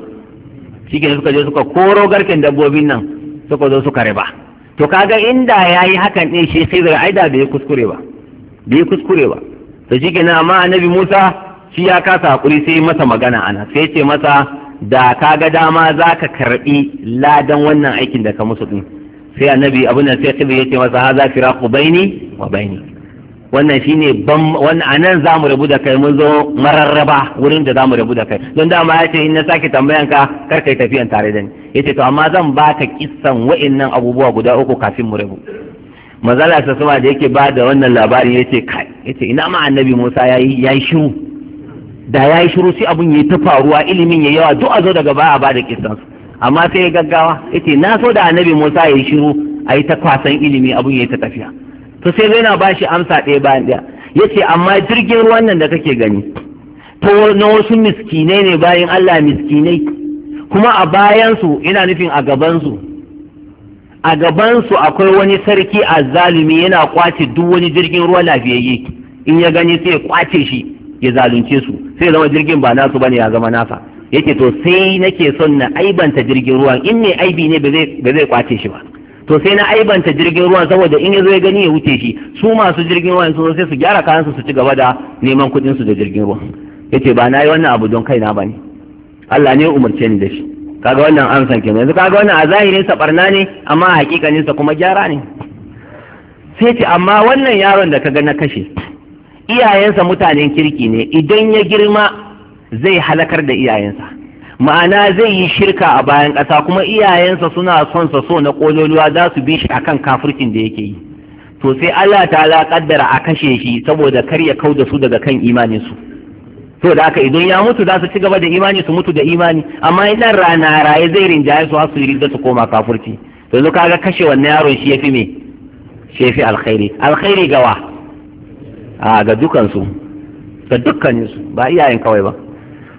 shikenan suka je suka koro garken dabbobin nan suka zo suka riba to kaga inda yayi hakan din shi sai da aida bai kuskure ba bai kuskure ba to shikenan amma annabi Musa shi ya kasa hakuri sai masa magana ana sai ce masa da kaga dama zaka karbi ladan wannan aikin da ka musu din sai annabi abin da sai khidir ce masa haza firaqu baini wa baini wannan shine ban wannan anan zamu rabu da kai mun zo mararraba wurin da zamu rabu da kai don da dama yace in na sake tambayan ka kar kai tafiyan tare da ni yace to amma zan baka kissan wa'annan abubuwa guda uku kafin mu rabu mazala sa suma da yake ba da wannan labarin yace kai yace ina ma annabi Musa yayi yayi shiru da yayi shiru sai abun yayi ta faruwa ilimin yayi yawa duk a zo daga baya ba da kissan su amma sai gaggawa yace na so da annabi Musa ya shiru a yi ta kwasan ilimi abun ya ta tafiya to sai zai na bashi amsa ɗaya bayan ɗaya yace amma jirgin ruwan nan da kake gani to na wasu miskinai ne bayan Allah miskinai kuma a bayansu ina nufin a gabansu a gabansu akwai wani sarki azzalumi yana kwace duk wani jirgin ruwa lafiyayye in ya gani sai ya kwace shi ya zalunce su sai zama jirgin ba nasu bane ya zama nasa yake to sai nake son na aibanta jirgin ruwan in ne aibi ne ba zai kwace shi ba to sai na aibanta jirgin ruwan saboda in yazo ya gani ya wuce shi su masu jirgin ruwan sun sai su gyara kayansu su su ci gaba da neman kudin su da jirgin ruwan yace ba nayi wannan abu don kaina bane Allah ne ya umarce ni da shi kaga wannan an san kenan yanzu kaga wannan a zahirin sa barna ne amma a hakikanin sa kuma gyara ne sai ce amma wannan yaron da kaga na kashe iyayensa mutanen kirki ne idan ya girma zai halakar da iyayensa ma'ana zai yi shirka a bayan ƙasa kuma iyayensa suna son sa so na ƙololuwa za su bi shi akan kafircin da yake yi to sai Allah ta'ala kaddara a kashe shi saboda kar ya kauda su daga kan imanin to da aka idan ya mutu za su ci gaba da imani su mutu da imani amma idan rana raye zai rinjaye su su yi su koma kafirci to yanzu kaga kashe wannan yaron shi yafi me shi yafi alkhairi alkhairi gawa a ga dukansu ga dukkaninsu ba iyayen kawai ba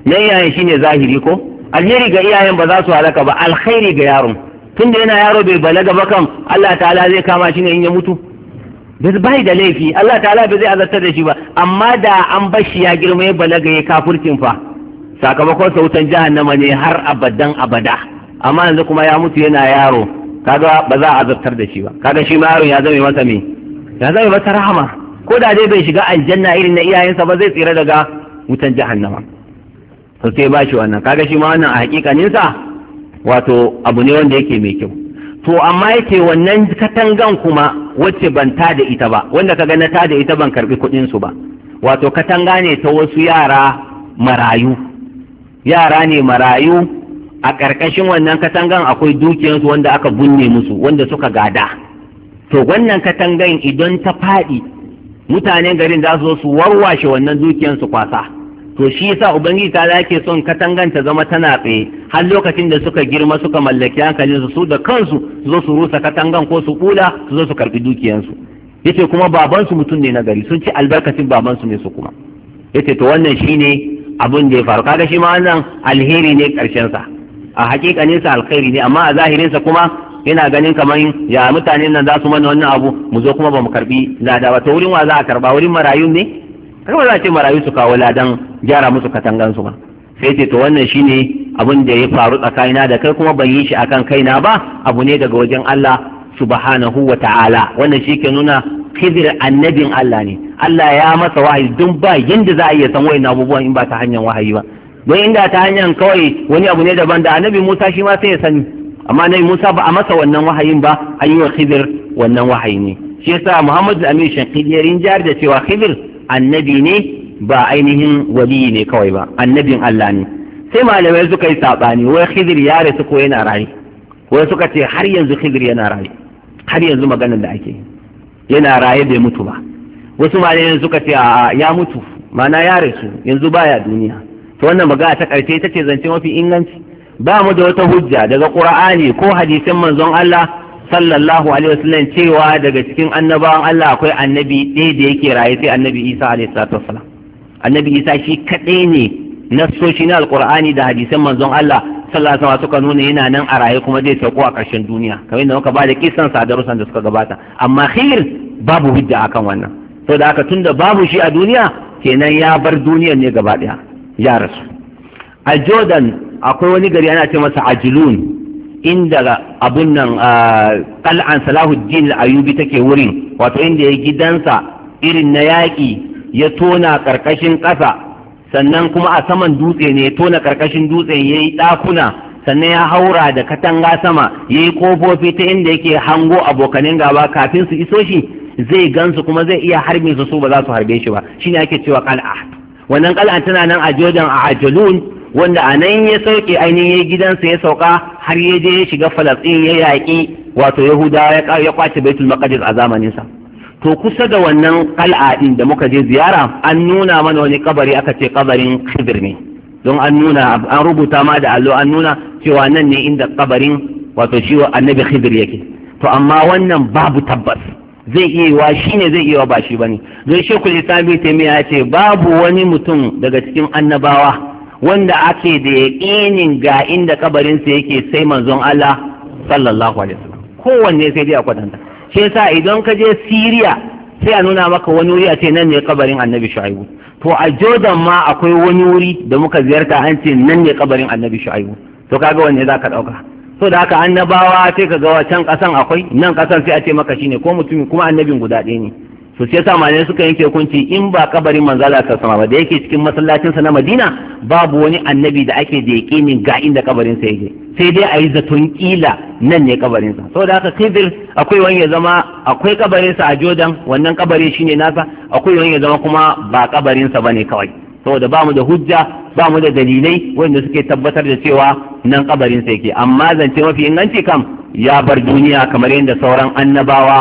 na shi shine zahiri ko alheri ga iyayen ba za su halaka ba Alheri ga yaron tunda yana yaro bai balaga ba kan Allah ta'ala zai kama shi ne in ya mutu bai bai da laifi Allah ta'ala bai zai azartar da shi ba amma da an shi ya girma ya balaga ya kafurcin fa sakamakon sautan jahannama ne har abadan abada amma yanzu kuma ya mutu yana yaro kaga ba za a azartar da shi ba kaga shi ma yaron ya zame masa me ya zame masa rahama ko da dai bai shiga aljanna irin na iyayensa ba zai tsira daga wutan jahannama to sai ba shi wannan kaga shi ma wannan a hakikanin sa wato abu ne wanda yake mai kyau to amma yake wannan katangan kuma wacce ban ta da ita ba wanda kaga na ta da ita ban karbi kuɗin su ba wato katanga ne ta wasu yara marayu yara ne marayu a ƙarƙashin wannan katangan akwai dukiyarsu wanda aka bunne musu wanda suka gada to wannan katangan idan ta faɗi mutanen garin za su zo su warwashe wannan dukiyarsu kwasa to shi yasa ubangiji ta yake son katangan ta zama tana tsaye har lokacin da suka girma suka mallaki hankalin su su da kansu su zo su rusa katangan ko su kula su zo su karbi dukiyansu yace kuma baban su mutum ne na gari sun ci albarkacin baban su ne su kuma yace to wannan shine abun da ya faru kaga shi ma wannan alheri ne karshen sa a ne sa alkhairi ne amma a zahirin sa kuma yana ganin kamar ya mutanen nan za su mana wannan abu mu zo kuma ba mu karbi lada ba to wurin wa za a karba wurin marayun ne kai ba za a ce marayu su kawo ladan gyara musu katangan su ba sai ce to wannan shine abin da ya faru tsakanina da kai kuma ban yi shi akan kaina ba abu ne daga wajen Allah subhanahu wa ta'ala wannan shi ke nuna khidir annabin Allah ne Allah ya masa wahayi don ba yanda za a iya san wayannan abubuwan in ba ta hanyar wahayi ba don inda ta hanyar kawai wani abu ne daban da annabi Musa shi ma sai ya sani amma annabi Musa ba a masa wannan wahayin ba an yi wa khidir wannan wahayi ne shi yasa Muhammad Amin Shaqidi ya rinjar da cewa khidir annabi ne ba ainihin wali ne kawai ba annabin Allah ne sai malamai suka yi sabani wai khidir ya rasu ko yana rayu wai suka ce har yanzu khidir yana rayu har yanzu maganar da ake yana raye bai mutu ba wasu malamai suka ce a ya mutu mana ya rasu yanzu baya duniya to wannan magana ta karshe ita ce zance mafi inganci ba mu da wata hujja daga qur'ani ko hadisin manzon Allah sallallahu alaihi wasallam cewa daga cikin annabawan Allah akwai annabi ɗaya da yake raye sai annabi Isa alaihi salatu wasallam annabi Isa shi kaɗai ne nassoshi na alqur'ani da hadisan manzon Allah sallallahu alaihi wasallam suka nuna yana nan a raye kuma zai sauko a ƙarshen duniya kamar yadda muka ba da kisan sa da da suka gabata amma hir babu hujja akan wannan saboda tun tunda babu shi a duniya kenan ya bar duniyar ne gaba ɗaya ya rasu a Jordan akwai wani gari ana ce masa Ajilun inda abun nan kal'an salahuddin ayubi take wurin wato inda ya gidansa irin na yaƙi ya tona ƙarƙashin ƙasa sannan kuma a saman dutse ne ya tona ƙarƙashin dutse ya yi ɗakuna sannan ya haura da katanga sama ya yi ƙofofi ta inda yake hango abokanin gaba kafin su iso shi zai gansu kuma zai iya harbe su su ba za su harbe shi ba shine ake cewa kal'a wannan kala tana nan a jojan a ajalun wanda a nan ya sauke ainihin gidansa ya sauka har ya je ya shiga falastin ya yaƙi wato yahudawa ya kwace baitul maqdis a zamaninsa to kusa da wannan kal'a din da muka je ziyara an nuna mana wani kabari aka ce kabarin khidir ne don an nuna an rubuta ma da allo an nuna cewa nan ne inda kabarin wato shi annabi khidir yake to amma wannan babu tabbas zai iya yiwa shi ne zai iya ba shi ba ne zai shi kuli sami taimiya ce babu wani mutum daga cikin annabawa wanda ake da yaƙinin ga inda kabarinsa yake sai manzon Allah sallallahu alaihi wasallam kowanne sai dai a kwatanta shi yasa idan ka je Siriya sai a nuna maka wani wuri a ce nan ne kabarin Annabi Shu'aibu to a Jordan ma akwai wani wuri da muka ziyarta an ce nan ne kabarin Annabi Shu'aibu to kaga wanne za ka ɗauka? so da haka annabawa sai ka ga wacan kasan akwai nan kasan sai a ce maka shine ko mutumin kuma annabin guda ɗaya ne to sai yasa malamai suka yanke hukunci in ba kabarin manzo Allah ta sama ba da yake cikin masallacin sa na Madina babu wani annabi da ake da ni ga inda kabarin sa yake sai dai ayi zaton kila nan ne kabarin sa saboda haka Khidir akwai wani ya zama akwai kabarin sa a Jordan wannan kabari shine nasa akwai wani ya zama kuma ba kabarin sa bane kawai saboda ba mu da hujja ba mu da dalilai wanda suke tabbatar da cewa nan kabarin sa yake amma zance mafi inganci kam ya bar duniya kamar yadda sauran annabawa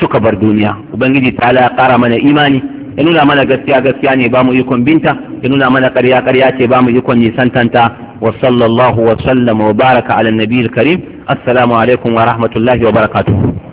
suka bar duniya ubangiji ta ya kara mana imani ya nuna mana gaskiya gaskiya ne ba mu ikon binta ya nuna mana karya karya ce ba mu ikon nisantanta wa sallallahu wa sallama wa baraka ala nabiyil karim assalamu alaikum wa rahmatullahi wa barakatuh